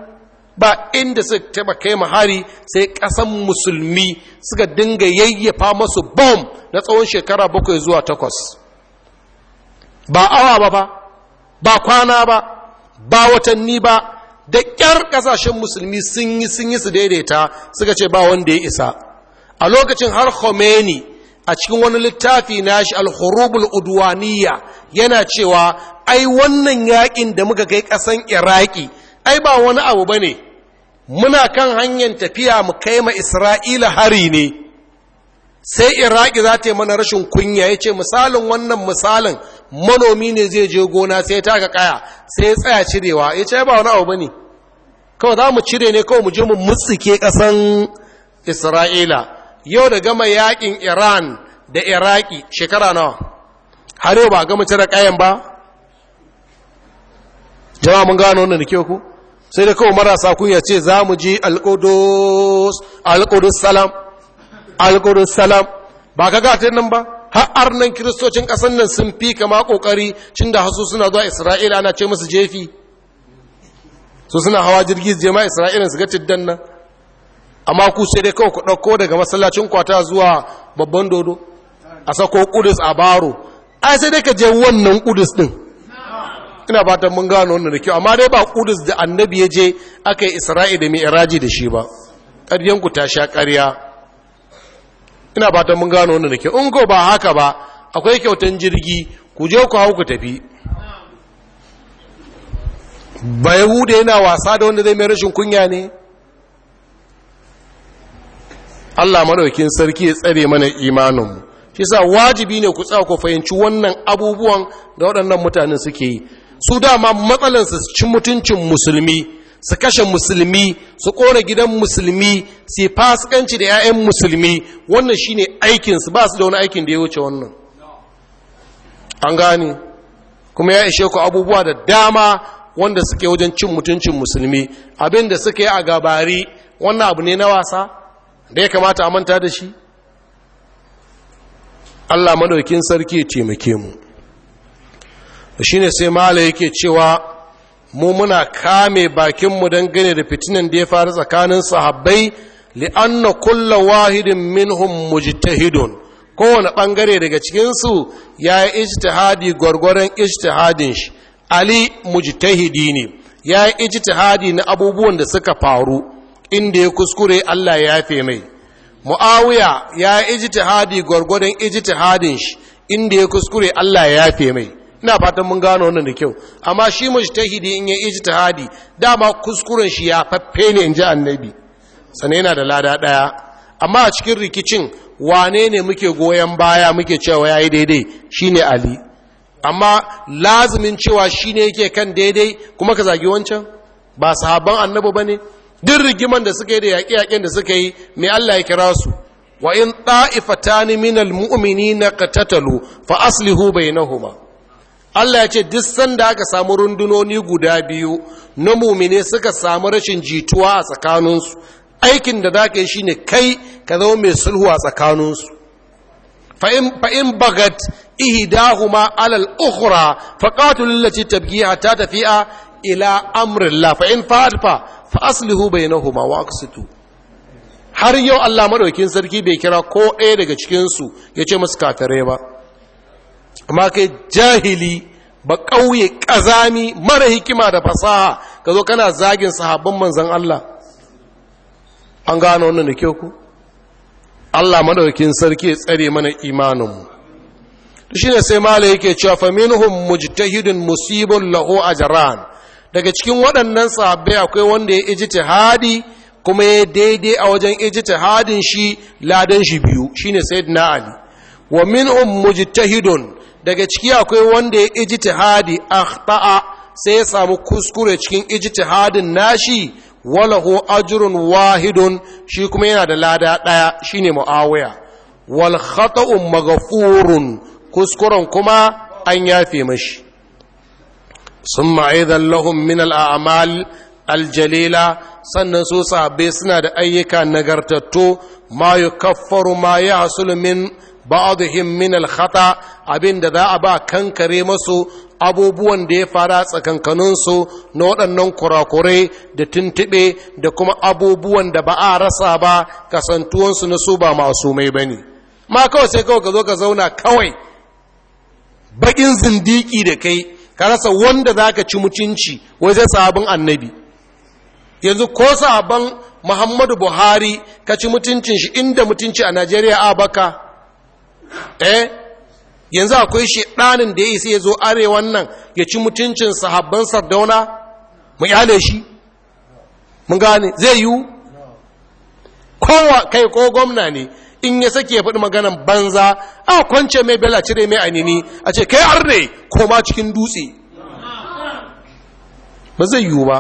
ba inda suka taba kai ma hari sai ƙasan musulmi suka dinga yayyafa masu bom na tsawon shekara bakwai zuwa takwas ba awa ba ba ba kwana ba ba watanni ba da ƙyar ƙasashen musulmi sun yi sun yi su daidaita suka ce ba wanda ya isa a lokacin har khomeini a cikin wani littafi na shi alhurubul udwaniya yana cewa ai wannan yakin da muka kai ƙasan iraki ai ba wani abu bane muna kan hanyar tafiya mu kai ma isra'ila hari ne sai iraki za ta yi mana rashin kunya ya ce misalin wannan misalin manomi ne zai je gona sai ta ga kaya sai tsaya cirewa ya ce ba wani abu bane kawai za mu cire ne kawai mu je mu mutsike ƙasan isra'ila yau da gama yakin iran da iraki shekara nawa har yau ba gama cire kayan ba Jama mun gano wannan da kyau sai da kawo marasa kunya ce za mu ji alkudus alƙudus salam alkudus salam ba ka gata nan ba har nan kiristocin kasan nan sun fi kama ƙoƙari cin da hasu suna zuwa isra'ila ana ce musu jefi su suna hawa jirgi su je isra'ila su ga tiddan nan amma ku sai dai kawai ku ɗauko daga masallacin kwata zuwa babban dodo a sako kudus a baro ai sai dai ka je wannan kudus din ina fatan mun gano wannan da kyau amma dai ba kudus da annabi ya je aka yi isra'i da mi'raji da shi ba ƙaryan ku ta sha ƙarya ina fatan mun gano wannan da kyau in ko ba haka ba akwai kyautan jirgi ku je ku hau ku tafi ba yahuda yana wasa da wanda zai mai rashin kunya ne Allah maraukin sarki ya tsare mana imaninmu shi sa wajibi ne ku tsaya ku fahimci wannan abubuwan da waɗannan mutanen suke yi su dama matsalansu su ci mutuncin musulmi su kashe musulmi su kore gidan musulmi su fasikanci da 'ya'yan musulmi wannan shine aikinsu ba su da wani aikin da ya wuce wannan an gane kuma ya ishe ku abubuwa da dama wanda suke wajen cin mutuncin musulmi abin da suka yi a gabari wannan abu ne na wasa da ya kamata a manta da shi Allah madaukin sarki ya taimake mu shine sai mala yake cewa mu muna kame bakinmu don gane da fitinan da ya faru tsakanin sahabbai li'anna kulla wahidin minhum mujtahidun kowane bangare daga cikinsu ya yi ijtihadi gwargwaron ijtihadin shi ali mujtahidi ne ya yi ijtihadi na abubuwan da suka faru inda ya kuskure Allah ya yafe mai muawiya ya ijtihadi gwargwadon ijtihadin shi inda ya kuskure Allah ya yafe mai ina fatan mun gano wannan da kyau amma shi mujtahidi in ya ijtihadi dama kuskuren shi ya faffe ne inji annabi sanai yana da lada daya amma a cikin rikicin wane ne muke goyon baya muke cewa yayi daidai shine ali amma lazimin cewa shine yake kan daidai kuma ka zagi wancan ba sahabban annabi bane duk rigiman da suka yi da yaƙe-yaƙen da suka yi mai Allah ya kira su wa in ɗa'ifatani minal na qatatalu fa aslihu bainahuma Allah ya ce duk sanda aka samu rundunoni guda biyu na mumine suka samu rashin jituwa a tsakaninsu aikin da zaka yi shine kai ka zama mai sulhu a tsakaninsu fa in fa in bagat ihdahuma ala al-ukhra fa qatul allati tabghi hatta tafi'a ila amrillah fa in fa'at fa fa na bainahuma wa aqsitu har yau Allah madaukin sarki bai kira ko ɗaya daga cikin su ce musu katare ba amma kai jahili ba ƙauye ƙazami mara hikima da fasaha ka zo kana zagin sahabban manzan Allah an gano wannan da ke ku Allah madaukin sarki ya tsare mana imaninmu to shine sai mala yake cewa fa minhum mujtahidun musibun lahu ajran daga cikin waɗannan sahabbai akwai wanda ya ijtihadi kuma ya daidai a wajen ijtihadin shi ladan shi biyu Shi shine sayyidina ali wa min jita mujtahidun daga ciki akwai wanda ya ijtihadi akhta'a sai ya samu kuskure cikin ijtihadin nashi walahu ajrun wahidun shi kuma yana da lada daya shine muawiya wal khata'u maghfurun kuskuren kuma an yafe mashi sun ma'aidan lahum min al'amal aljalila sannan su sabe suna da ayyuka nagartattu ma yukaffaru ma yahsulu min ba'dihim min al-khata abinda za a ba kankare masu abubuwan da ya fara tsakankaninsu na waɗannan kurakurai da tuntube da kuma abubuwan da ba a rasa ba kasantuwansu na su ba masu mai ba ne ma kawai sai kawai ka zo ka zauna kawai baƙin zindiki da kai ka rasa wanda za ka ci mutunci wai zai annabi yanzu ko sabon muhammadu buhari ka ci mutuncin shi inda mutunci a najeriya a baka eh yanzu akwai shi ɗanin da ya isa ya zo arewan nan ya ci mutuncin sahabban sardauna mu yale shi mun gane zai yiwu kowa kai ko gwamna ne in ya sake ya faɗi maganan banza a kwance mai bela cire mai anini a ce kai arne koma cikin dutse ba zai yiwu ba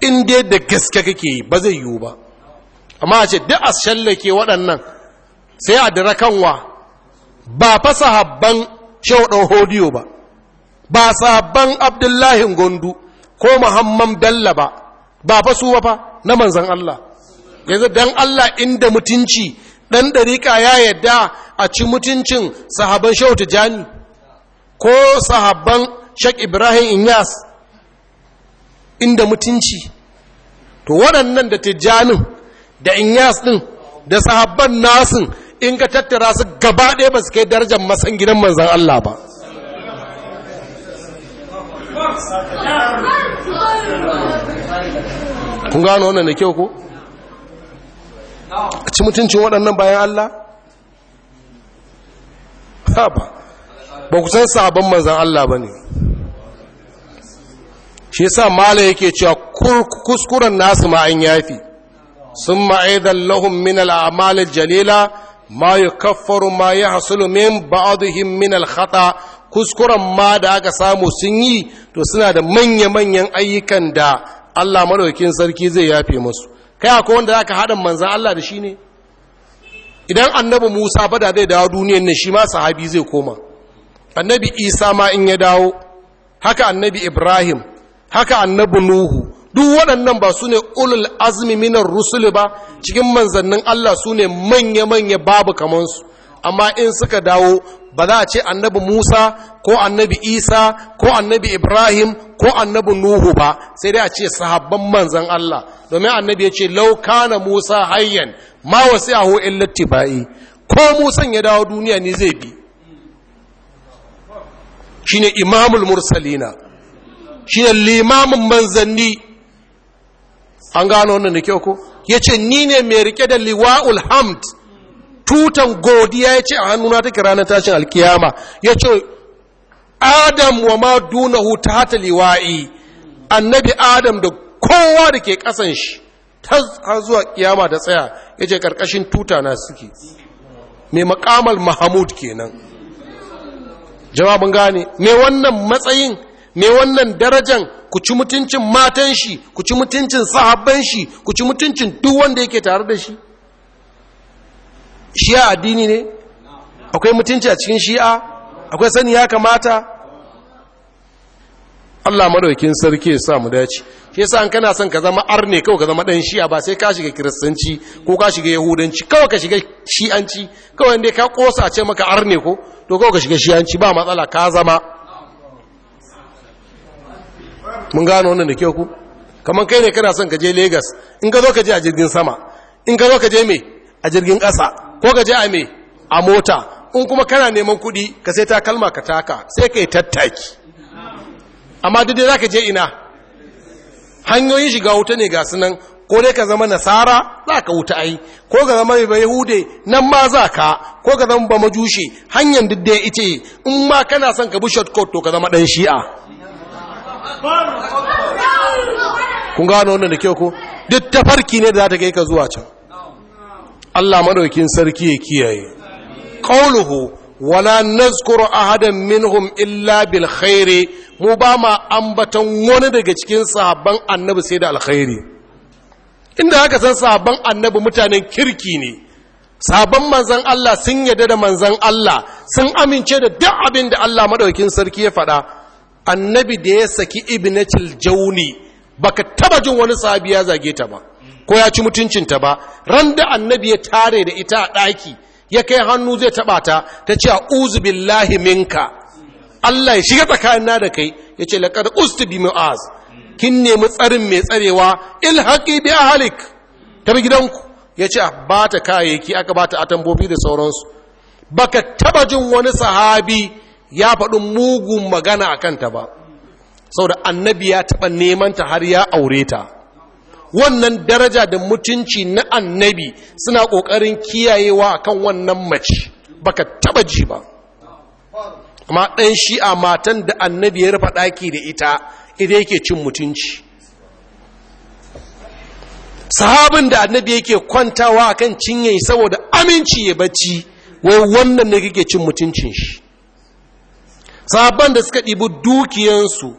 in dai da gaske kake yi ba zai yiwu ba amma a ce duk a shallake waɗannan sai a dira kanwa ba fa sahabban shaudan hodiyo ba ba sahabban abdullahi gondu ko muhammam dalla ba ba fa su ba fa na manzan Allah yanzu dan Allah inda mutunci ɗan ɗariƙa ya yadda a ci mutuncin sahabban shehu Tijani ko sahabban shek ibrahim inyas inda mutunci to waɗannan da Tijanin, da inyas ɗin da sahabban nasin in ka tattara su gaba ɗaya ba su kai darajar masan gidan manzan Allah ba kun gano wannan da kyau ko? a ci mutuncin waɗannan bayan Allah ha ba ku san sabon manzan Allah ba ne shi sa mala yake cewa kuskuren nasu ma an yafi sun ma'aidan lahun min al'amalin jalila ma yi kafaru ma yi hasulu min ba'aduhin min alhata kuskuren ma da aka samu sun yi to suna da manya-manyan ayyukan da Allah maɗaukin sarki zai yafe musu kai akwai wanda za ka haɗa manzan Allah da shi ne idan annabi musa bada zai dawo duniyar nan shi ma sahabi zai koma annabi isa ma in ya dawo haka annabi ibrahim haka annabi nuhu duk waɗannan ba su ne ulul azmi minar rusuli ba cikin manzannin Allah su ne manya-manya babu kamansu amma in suka dawo ba za a ce annabi musa ko annabi isa ko annabi ibrahim ko annabi nuhu ba sai dai a ce sahabban manzan allah domin annabi ya ce laukana musa hayyan ma wasu yahu in lattifa'i ko musan ya dawo duniya ne zai bi shine imamul mursalina shine limamin manzanni an gano wannan da kyau ko ya ce ni ne mai rike da liwa'ul hamd tutan godiya ya ce a hannuna take ranar tashin alkiyama ya ce adam wa ma dunahu ta hata liwa'i annabi adam da kowa da ke kasan shi har zuwa kiyama ta tsaya ya ce karkashin tuta na suke mai makamal mahamud kenan jawabin gane mai wannan matsayin mai wannan darajan ku ci mutuncin matan shi ku ci mutuncin sahabban shi ku ci mutuncin duk wanda yake tare da shi shi'a addini ne akwai mutunci a cikin shi'a akwai sani ya kamata Allah madaukin sarki ya sa mu dace shi yasa an kana son ka zama arne kawai ka zama dan shi'a ba sai ka shiga kiristanci ko ka shiga yahudanci kawai ka shiga shi'anci kawai inda ka kosa ce maka arne ko to kawai ka shiga shi'anci ba matsala ka zama mun gano wannan da ke ku kamar kai ne kana son ka je Lagos in ka zo ka je a jirgin sama in ka zo ka je me a jirgin ƙasa ko ka je a me a mota in kuma kana neman kuɗi ka sai ta kalma ka taka sai ka yi tattaki amma duk dai za ka je ina hanyoyin shiga wuta ne ga sunan ko dai ka zama nasara za ka wuta ai ko ga zama bai hude nan ma za ka ko ga zama ba hanyar duk dai ita in ma kana son ka bi shortcut to ka zama ɗan shi'a kun gano wannan da kyau ko duk tafarki ne da za ta kai ka zuwa can Allah madaukin sarki ya kiyaye qauluhu wala nazkuru ahadan minhum illa bil khairi mu ba ma ambatan wani daga cikin sahabban annabi sai da alkhairi inda aka san sahabban annabi mutanen kirki ne sahabban manzan Allah sun yarda da manzan Allah sun amince da duk abin da Allah madaukin sarki ya faɗa annabi da ya saki ibnatul jauni baka taba jin wani sahabi ya zage ta ba ko ya ci mutuncinta ba ran da annabi ya tare da ita a ɗaki ya kai hannu zai taɓa ta ta ce uzu billahi minka Allah ya shiga tsakanin na da kai ya ce laƙar ustu bi mu'az kin nemi tsarin mai tsarewa Il haƙi bi halik ta bi gidanku ya ce ah, ba ta kayayyaki aka ba ta atambobi da sauransu baka taba jin wani sahabi ya faɗi mugun magana a kanta ba sau da annabi ya taɓa neman ta har ya aure ta wannan daraja da mutunci na annabi suna ƙoƙarin kiyayewa akan wannan mace baka taba ji ba amma ɗan shi'a matan da annabi ya rufa ɗaki da ita ita yake cin mutunci sahabin da annabi yake kwantawa akan cinye saboda aminci ya bacci wai wannan ne kake cin mutuncin shi sahabban da suka ɗibi dukiyansu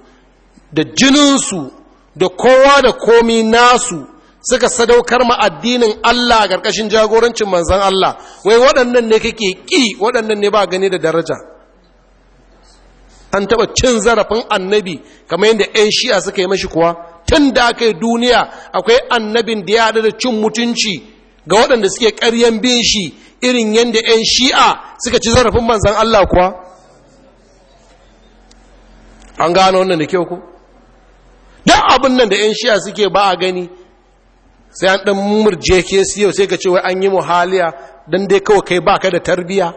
da jininsu da kowa da komi nasu suka sadaukar ma addinin Allah ƙarƙashin jagorancin manzan Allah wai waɗannan ne kake ƙi waɗannan ne ba gani da daraja an taɓa cin zarafin annabi kamar yadda 'yan shi'a suka yi mashi kuwa tun da aka yi duniya akwai annabin da ya haɗu da cin mutunci ga waɗanda suke ƙaryan bin shi irin yadda 'yan shi'a suka ci zarafin manzan Allah kuwa an gano wannan da kyau ko. duk abin nan da 'yan shiya suke ba a gani sai an ɗan murje ke siyo sai ka ce wai an yi muhaliya don dai kawai kai ba ka da tarbiya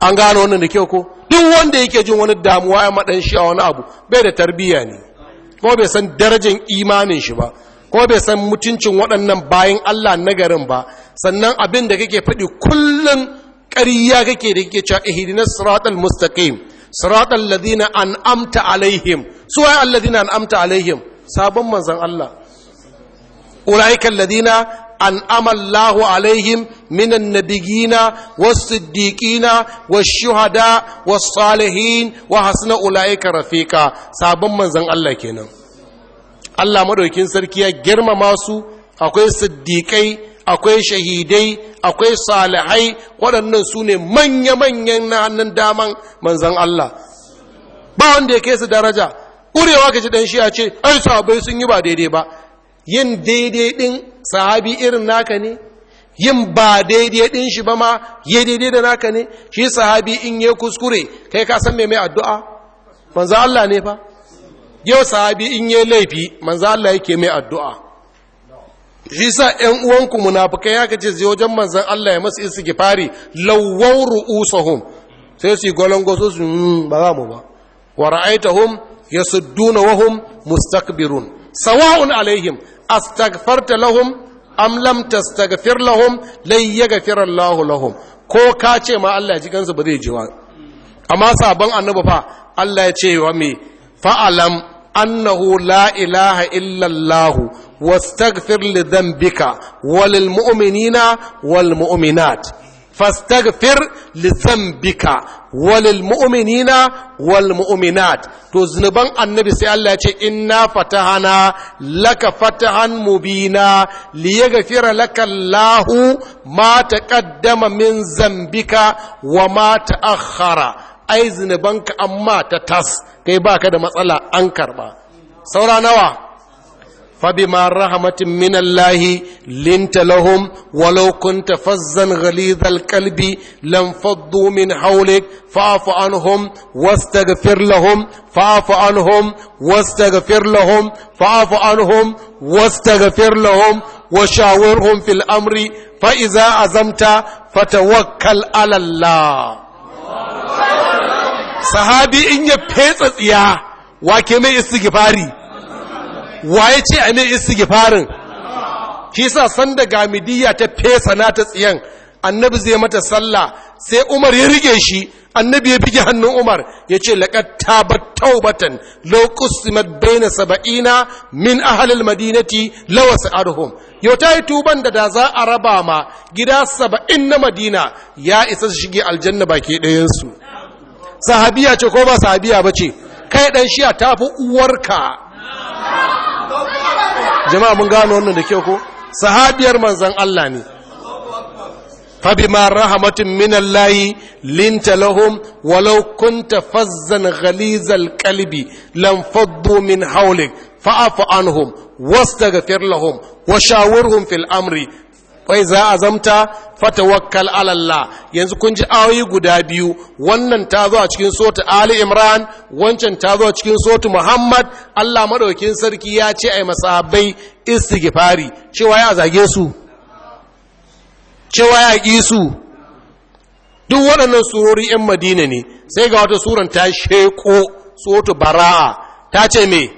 an gano wannan da kyau ko duk wanda yake jin wani damuwa ya maɗan shi a wani abu bai da tarbiya ne ko bai san darajar imanin shi ba ko bai san mutuncin waɗannan bayan Allah na garin ba sannan abin da kake faɗi kullum ƙarya kake da kake cewa ihdinas siratal mustaqim siratal ladina amta alaihim suwaye alladina an'amta alaihim sabon manzan Allah ulaika alladina an'ama alaihim minan nabigina wasu siddiqina wasu shuhada wasu salihin wa hasina ulaika rafika, sabon manzan Allah kenan Allah madaukin sarki ya girmama su akwai siddiƙai akwai shahidai akwai salihai waɗannan su ne manya-manyan na hannun daman manzan Allah ba wanda ya kai su daraja ƙurewa ka ji ɗan shi a ce ai sahabai sun yi ba daidai ba yin daidai ɗin sahabi irin naka ne yin ba daidai ɗin shi ba ma ya daidai da naka ne shi sahabi in yi kuskure kai ka san mai addu'a Manza Allah ne fa yau sahabi in yi laifi manza Allah yake mai addu'a shi sa ‘yan uwanku munafukai ya kace zai wajen manzan Allah ya masu isi gifari lawon ru'usahum sai su yi gwalon su su hmm, ba za mu ba wa ra'aitahum yasudduna wahum mustakbirun sawa'un alaihim astaghfarta lahum am lam tastaghfir lahum lan yaghfir Allah lahum ko ka ce ma Allah ji gansu ba zai ji wa amma sabon annabi fa Allah ya ce wa me fa'alam annahu la ilaha illa Allah wastaghfir li dhanbika walil mu'minina wal mu'minat fastaghfir li dhanbika walil mu'minina wal mu'minat to zunuban annabi sai Allah ya in na fatahana laka fatahan mu mubina liyaghfira laka Allahu mata taqaddama min zambika wa mata akhara, ai zunubanka amma ta tas kai baka da matsala an karba saura nawa فبما رحمة من الله لنت لهم ولو كنت فزا غليظ القلب لانفضوا من حولك فاعف عنهم واستغفر لهم فاعف عنهم واستغفر لهم فاعف عنهم واستغفر لهم وشاورهم في الأمر فإذا عزمت فتوكل على الله صحابي إن يبهز يا وكما استغفاري waye ce a mai istighfarin shi sa san da gamidiyya ta fesa na ta tsiyan annabi zai mata sallah sai umar ya rike shi annabi ya bige hannun umar ya ce laƙar tabat taubatan lokusimat baina saba'ina min ahalil madinati lawasa arhum yau ta yi tuban da da za a raba ma gida saba'in na madina ya isa su shige aljanna ke ɗayansu sahabiya ce ko ba sahabiya ba ce kai ɗan shiya ta fi uwarka jama'a mun gano wannan da kyau ko sahabiyar manzon Allah ne fa bima rahmatin Allah linta lahum walau kunta fazzan ghalizal qalbi lam faddu min hawlik fa'fu anhum fil amri wai za a zamta fata wakkal alalla yanzu kun ji ayoyi guda biyu wannan ta zo a cikin sotu ali imran wancan ta zo a cikin sotu muhammad allah maɗaukin sarki ya ce a yi masabai istighfari cewa ya zage su cewa ya ƙi su duk waɗannan surori 'yan madina ne sai ga wata suran ta sheko sotu bara'a ta ce me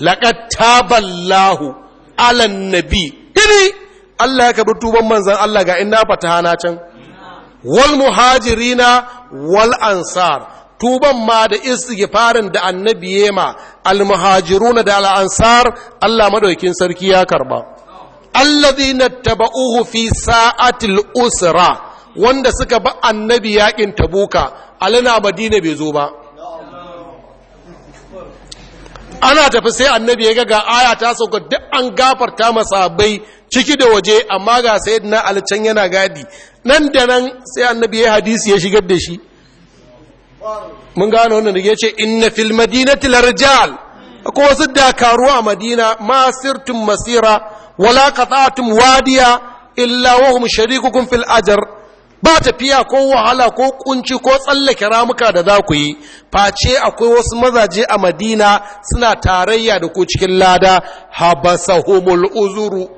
laƙat taballahu alan nabi Allah ya karbi tuban manzan Allah ga inna fatahana can wal muhajirina wal ansar tuban ma da istighfarin da annabi yema al muhajiruna da al ansar Allah madaukin sarki ya karba alladhina tabauhu fi sa'atil usra wanda suka ba annabi yakin tabuka alina madina bai zo ba ana tafi sai annabi ya ga aya ta sauka duk an gafarta masabai ciki da waje amma ga sayyidina ali can yana gadi nan da nan sai annabi ya hadisi ya shigar da shi mun gano wannan da yace inna fil madinati larjal akwai wasu dakaru a madina ma sirtum masira wala qata'tum wadiya illa wa hum sharikukum fil ajr ba tafiya ko wahala ko kunci ko tsallake ramuka da za ku yi face akwai wasu mazaje a madina suna tarayya da ku cikin lada homol uzuru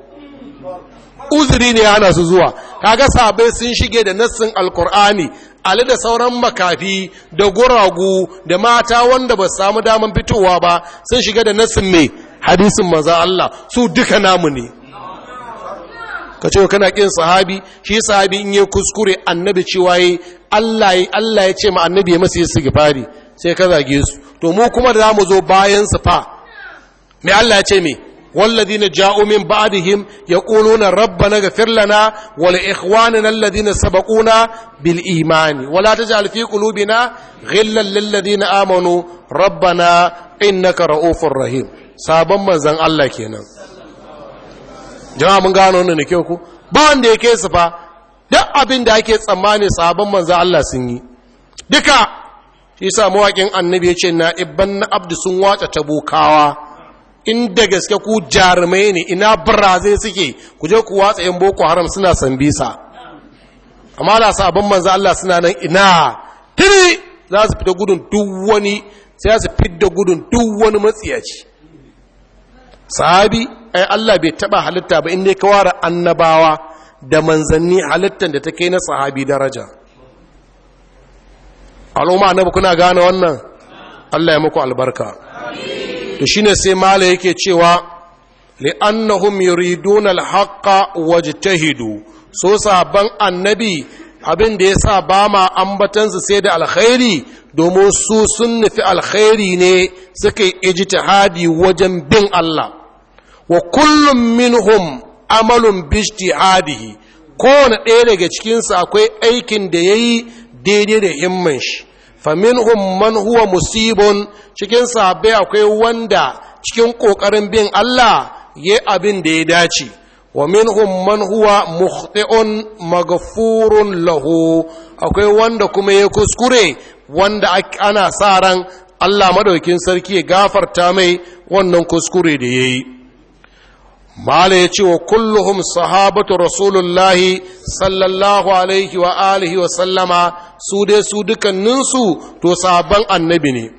uzuri ne ana su zuwa kaga sabai sun shige da nassin alkur'ani ali da sauran makafi da guragu da mata wanda ba samu daman fitowa ba sun shige da nassin ne. hadisin maza Allah su duka namu ne ka ce kana kin sahabi shi sahabi in ya kuskure annabi cewa Allah ya ce ma annabi ya masa istighfari sai ka zage su to mu kuma da zamu zo bayan su fa me Allah ya ce me walladina ja'u min ba'dihim yaquluna rabbana ighfir lana wa li ikhwanina alladhina sabaquna bil iman wa la taj'al fi qulubina ghillan lil ladina amanu rabbana innaka ra'ufur rahim sabon manzon Allah kenan jama'a mun gano wannan ne kyau ku ba wanda yake su fa duk abin da ake tsammani sahabban manzo Allah sun yi duka shi yasa mawakin annabi ya ce na ibn na abdu sun wata tabukawa in da gaske ku jarumai ne ina biraze suke ku je ku watsa yan boko haram suna sambisa amma da sahabban manzo Allah suna nan ina tiri za su fita gudun duk wani sai su fidda gudun duk wani matsiyaci sahabi ai Allah bai taba halitta ba inda ka ware annabawa da manzanni halittar da ta kai na sahabi daraja al'umma annabi kuna gane wannan Allah ya muku albarka to shine sai mala yake cewa li'annahum yuriduna alhaqqa wajtahidu so sabban annabi abin da yasa ba ma ambatansu sai da alkhairi domin su sun nufi alkhairi ne suka yi ijtihadi wajen bin Allah wa kullum minhum amalun bishti'adihi kowane ɗaya daga cikinsu akwai aikin da ya yi daidai da himman shi faminhum man huwa musibun cikin sahabbai akwai wanda cikin ƙoƙarin bin Allah ya abin da ya dace wa minhum man huwa mukhti'un maghfurun lahu akwai wanda kuma ya kuskure wanda ana sa ran Allah madaukin sarki ya gafarta mai wannan kuskure da yayi mala ya ce wa kulluhum sahabatu rasulullahi sallallahu alaihi wa alihi wa sallama su dai su dukanninsu to sabon annabi ne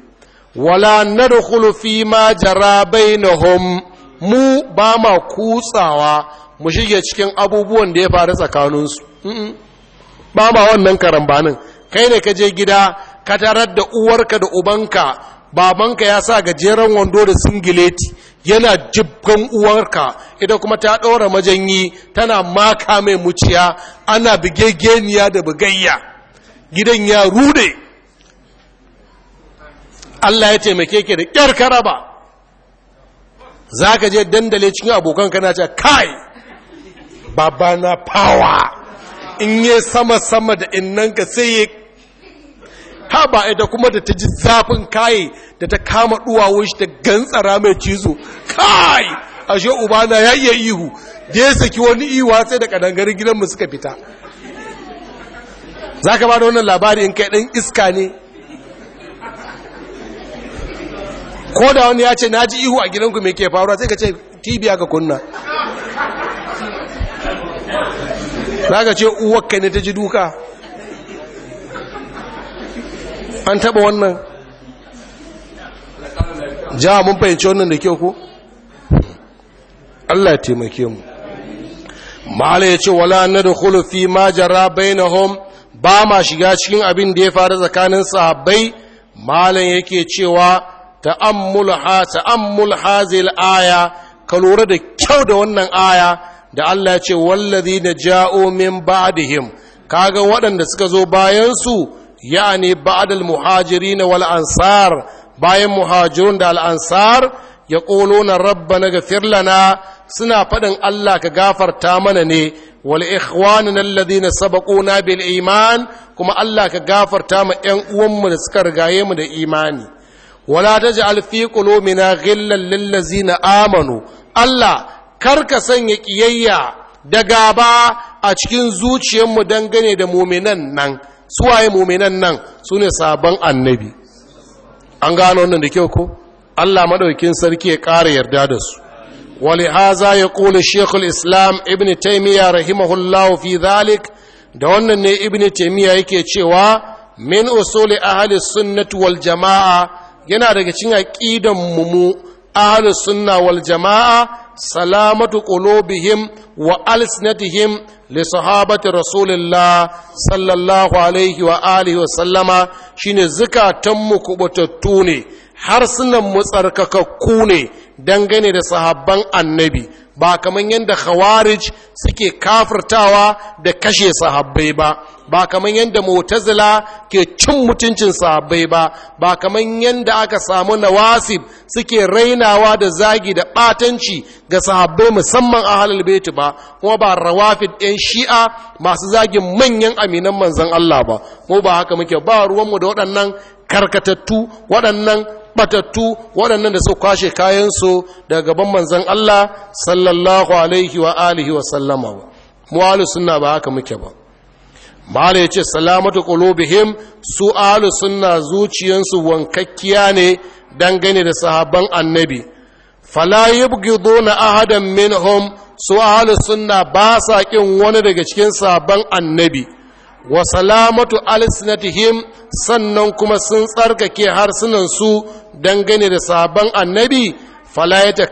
wala nadkhulu fi ma jara bainahum mu ba ma kutsawa mu shige cikin abubuwan da ya faru tsakaninsu ba ma wannan karambanin kai ne ka je gida ka tarar da uwarka da ubanka babanka ya sa gajeren wando da singileti yana jibgan uwarka idan kuma ta ɗora majanyi tana maka mai muciya ana geniya da bugayya gidan ya rude Allah ya taimake ke da ƙyar karaba za ka je dandale cikin abokan kana ce kai babana power in yi sama-sama da innanka sai ya ha ba ita kuma da ta ji zafin kaye da ta kama duwawun shi da gantsara mai cizo kai ashe ubana ya iya ihu da ya saki wani iwa sai da kadangarin gidanmu suka fita za ka ba da wannan labari in kai ɗan iska ne ko da wani ya ce na ji ihu a gidanku mai ke faruwa sai ka ce tibiya ga kunna za ka ce uwakka ne ta ji duka an taba wannan ja mun fahimci wannan da kyau ko Allah taimake mu mala ce wala nadkhulu fi ma jara bainahum ba ma shiga cikin abin da ya faru tsakanin sahabbai malan yake cewa ta'ammul ha ta'ammul hazil aya ka lura da kyau da wannan aya da Allah ya ce wallazina ja'u min ba'dihim kaga waɗanda suka zo bayan su yani ba'adal muhajirin wal bayan muhajirun da al'ansar ya ansar rabba na ghfir lana suna faɗin Allah ka gafarta mana ne wal ikhwanina alladhina sabaquna bil iman kuma Allah ka gafarta ma ƴan uwanmu da suka rigaye mu da imani wala taj'al fi qulubina ghillan lil na amanu Allah kar ka sanya ƙiyayya da gaba a cikin zuciyarmu dangane da muminan nan suwaye muminan nan su ne sabon annabi an gano wannan da kyau ko allah maɗaukin sarki ya ƙara yarda da su wali haza ya ƙula shekul islam ibn taimiyya rahimahullahu fi zalik da wannan ne ibn taimiyya yake cewa min usuli ahli sunnati wal jama'a yana daga cikin aqidan mu mu ahli sunna wal jama'a salamatu qulubihim wa alsinatihim li sahabati rasulillah sallallahu alaihi wa alihi wa sallama shine zukatan mu kubutattu ne harsunan mu tsarkakakku ne dangane da sahabban annabi ba kamar yadda khawarij suke kafirtawa da kashe sahabbai ba ba kamar yadda Motazila ke cin mutuncin sahabbai ba ba kamar yadda aka samu nawasib suke rainawa da zagi da batanci ga sahabbai musamman a halal baitu ba kuma ba rawafid ɗin shi'a masu zagin manyan aminan manzan Allah ba mu ba haka muke ba ruwanmu da waɗannan karkatattu waɗannan batattu waɗannan da su kwashe kayansu daga gaban manzan Allah sallallahu alaihi wa alihi wa sallama mu suna ba haka muke ba mala ya ce salamatu qulubihim su ahlu suna zuciyansu wankakkiya ne dangane da sahabban annabi gido na ahadan minhum su ahlu suna ba sa kin wani daga cikin sahabban annabi wa salamatu alisnatihim sannan kuma sun tsarkake harsunan su dangane da sahabban annabi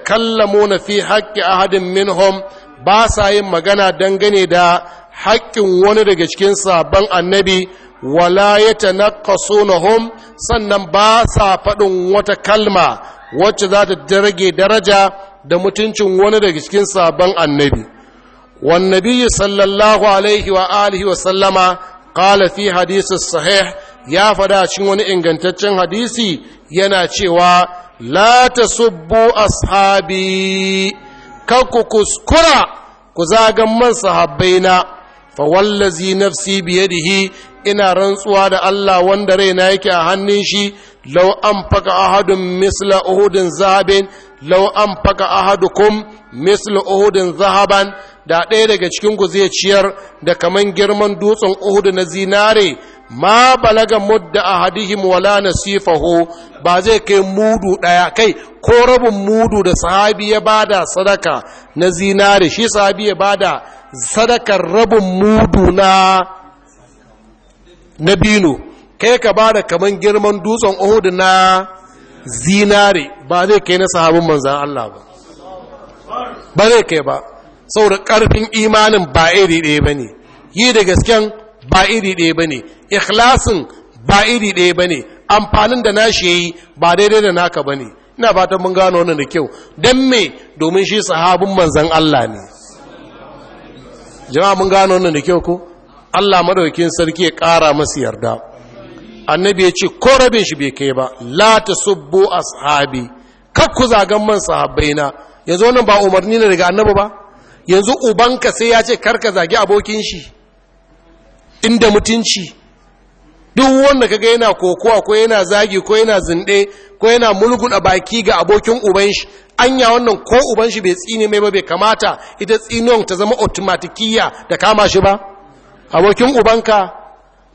kallamo na fi haƙƙi ahadin minhum ba sa yin magana dangane da haƙƙin wani daga cikin sabon annabi wala ya nahum sannan ba sa faɗin wata kalma wacce za ta rage daraja da mutuncin wani daga cikin sabon annabi sallallahu alaihi wa alihi wa sallama قال fi حديث sahih ya fada cikin wani ingantaccen hadisi yana cewa la tasubbu ashabi kar ku kuskura ku zagan man sahabbaina fa wallazi nafsi biyadihi ina rantsuwa da Allah wanda raina yake a hannun shi law an faka ahadun misla uhudin zahabin law an faka ahadukum misla uhudin zahaban da ɗaya daga cikin ku zai ciyar da kaman girman dutsen uhud na zinare ma balaga mudda ahadihim wala nasifahu ba zai kai mudu ɗaya kai ko rabin mudu da sahabi ya bada sadaka na zinare shi sahabi ya bada sadakar rabin mudu na Nabino, kai ka ba da kaman girman dutsen ohudu na zinare ba zai kai na sahabin manzan Allah ba ba zai kai ba sau da ƙarfin imanin ba iri ɗaya ba ne yi da gasken ba iri ɗaya ba ne ikhlasin ba iri ɗaya ba ne amfanin da na shi yi ba daidai da naka ba ne ina fatan mun gano wannan da kyau don me domin shi sahabin manzan Allah ne jama'a mun gano wannan da kyau ko Allah madaukakin sarki ya ƙara masa yarda annabi ya ce ko rabin shi bai kai ba la tasubbu ashabi ka ku zagan man sahabbaina yanzu wannan ba umarni ne daga annabi ba yanzu ubanka sai ya ce karka zagi abokin shi inda mutunci duk wanda kaga yana kokowa ko yana zagi ko yana zinde ko yana mulgun a baki ga abokin uban shi anya wannan ko uban shi bai tsine mai ba bai kamata ita tsinon ta zama automatikiya da kama shi ba abokin ubanka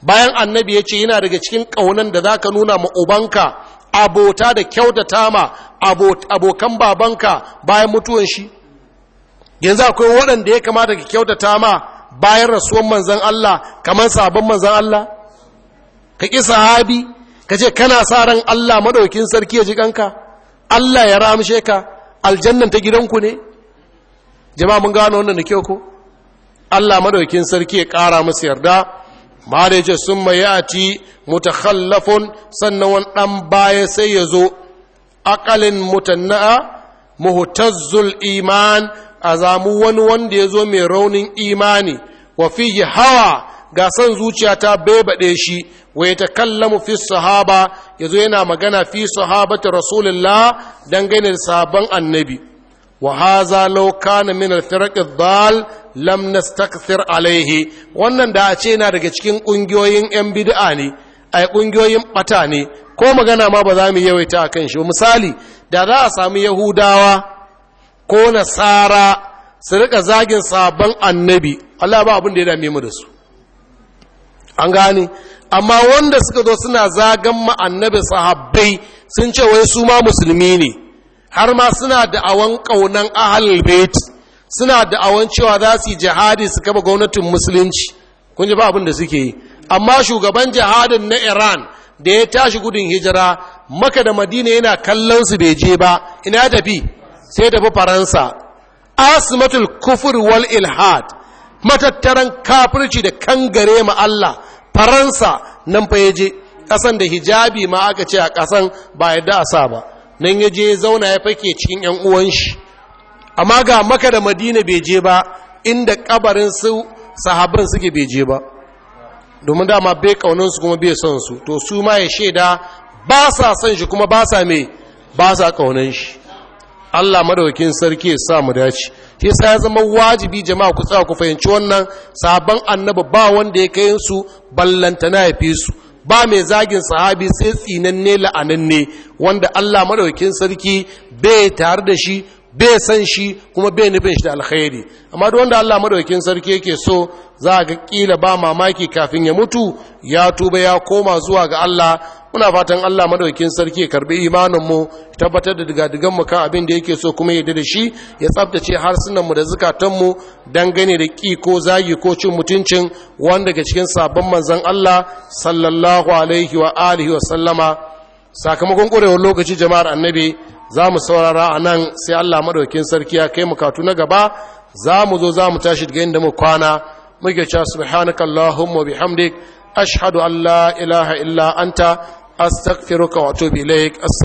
bayan annabi ya ce yana daga cikin ƙaunan da zaka nuna ma ubanka abota da kyautata ma abokan babanka bayan mutuwan shi yanzu akwai waɗanda ya kamata ka kyautata ma bayan rasuwan manzan Allah kamar sabon manzan Allah ka ƙi sahabi ka ce kana sa ran Allah maɗaukin sarki ya ji ƙanka Allah ya ramshe ka aljannan ta gidanku ne jama'a mun gano wannan da kyau ko Allah maɗaukin sarki ya ƙara musu yarda ma da yace summa yati mutakhallafun sannan wani ɗan baya sai ya zo aƙalin mutanna'a muhtazzul iman a zamu wani wanda ya zo mai raunin imani wa fihi hawa ga san zuciya ta baibaɗe shi wa ya takallamu fi sahaba yazo yana magana fi sahabati rasulullah dan ganin sabon annabi wa haza law kana min al-firq ad-dal lam nastakthir alayhi wannan da a ce yana daga cikin kungiyoyin yan bid'a ne ai kungiyoyin bata ne ko magana ma ba za mu yawaita akan shi misali da za a samu yahudawa ko nasara su rika zagin sabon annabi Allah ba abin da ya dame mu da su an gane amma wanda suka zo suna zagan ma'annabi sahabbai sun ce wai su ma musulmi ne har ma suna da awon ƙaunan ahalul bait suna da awon cewa za su yi jihadi su kaba gwamnatin musulunci kun ji ba abin da suke yi amma shugaban jihadin na iran da ya tashi gudun hijira maka da madina yana kallon su bai je ba ina tafi sai tafi faransa asmatul kufur wal ilhad matattaran kafirci da kangare ma Allah faransa nan fa ya je ƙasan da hijabi ma aka ce a ƙasan ba yadda a sa ba nan ya je zauna ya fake cikin 'yan uwan shi amma ga maka da madina bai je ba inda kabarin su sahabban suke bai je ba domin dama bai kaunan su kuma bai son su to su ma ya shaida ba sa son shi kuma ba sa mai ba sa kaunan shi Allah madaukakin sarki ya sa mu dace sai sai ya zama wajibi jama'a ku tsaya ku fahimci wannan sabon annabi ba wanda ya kai su ballanta na yafi su ba mai zagin sahabi sai tsinanne la'ananne wanda Allah madaukakin sarki bai tare da shi bai san shi kuma bai nufin shi da alkhairi amma duk wanda Allah madaukakin sarki yake so za ga kila ba mamaki kafin ya mutu ya tuba ya koma zuwa ga Allah muna fatan Allah madaukakin sarki ya karbi imanin mu tabbatar da digadigan mu kan abin da yake so kuma ya da shi ya tsabtace harsunan mu da zakatun mu dangane da ki ko zagi ko cin mutuncin wanda daga cikin sabon manzon Allah sallallahu alaihi wa alihi wa sallama sakamakon ƙwarewar lokaci jama'ar annabi za mu saurara a nan sai Allah madaukakin sarki ya kai mu katu na gaba za mu zo za mu tashi daga inda mu kwana muke cewa subhanakallahumma bihamdik ashhadu an la ilaha illa anta wato wa atubu ilaik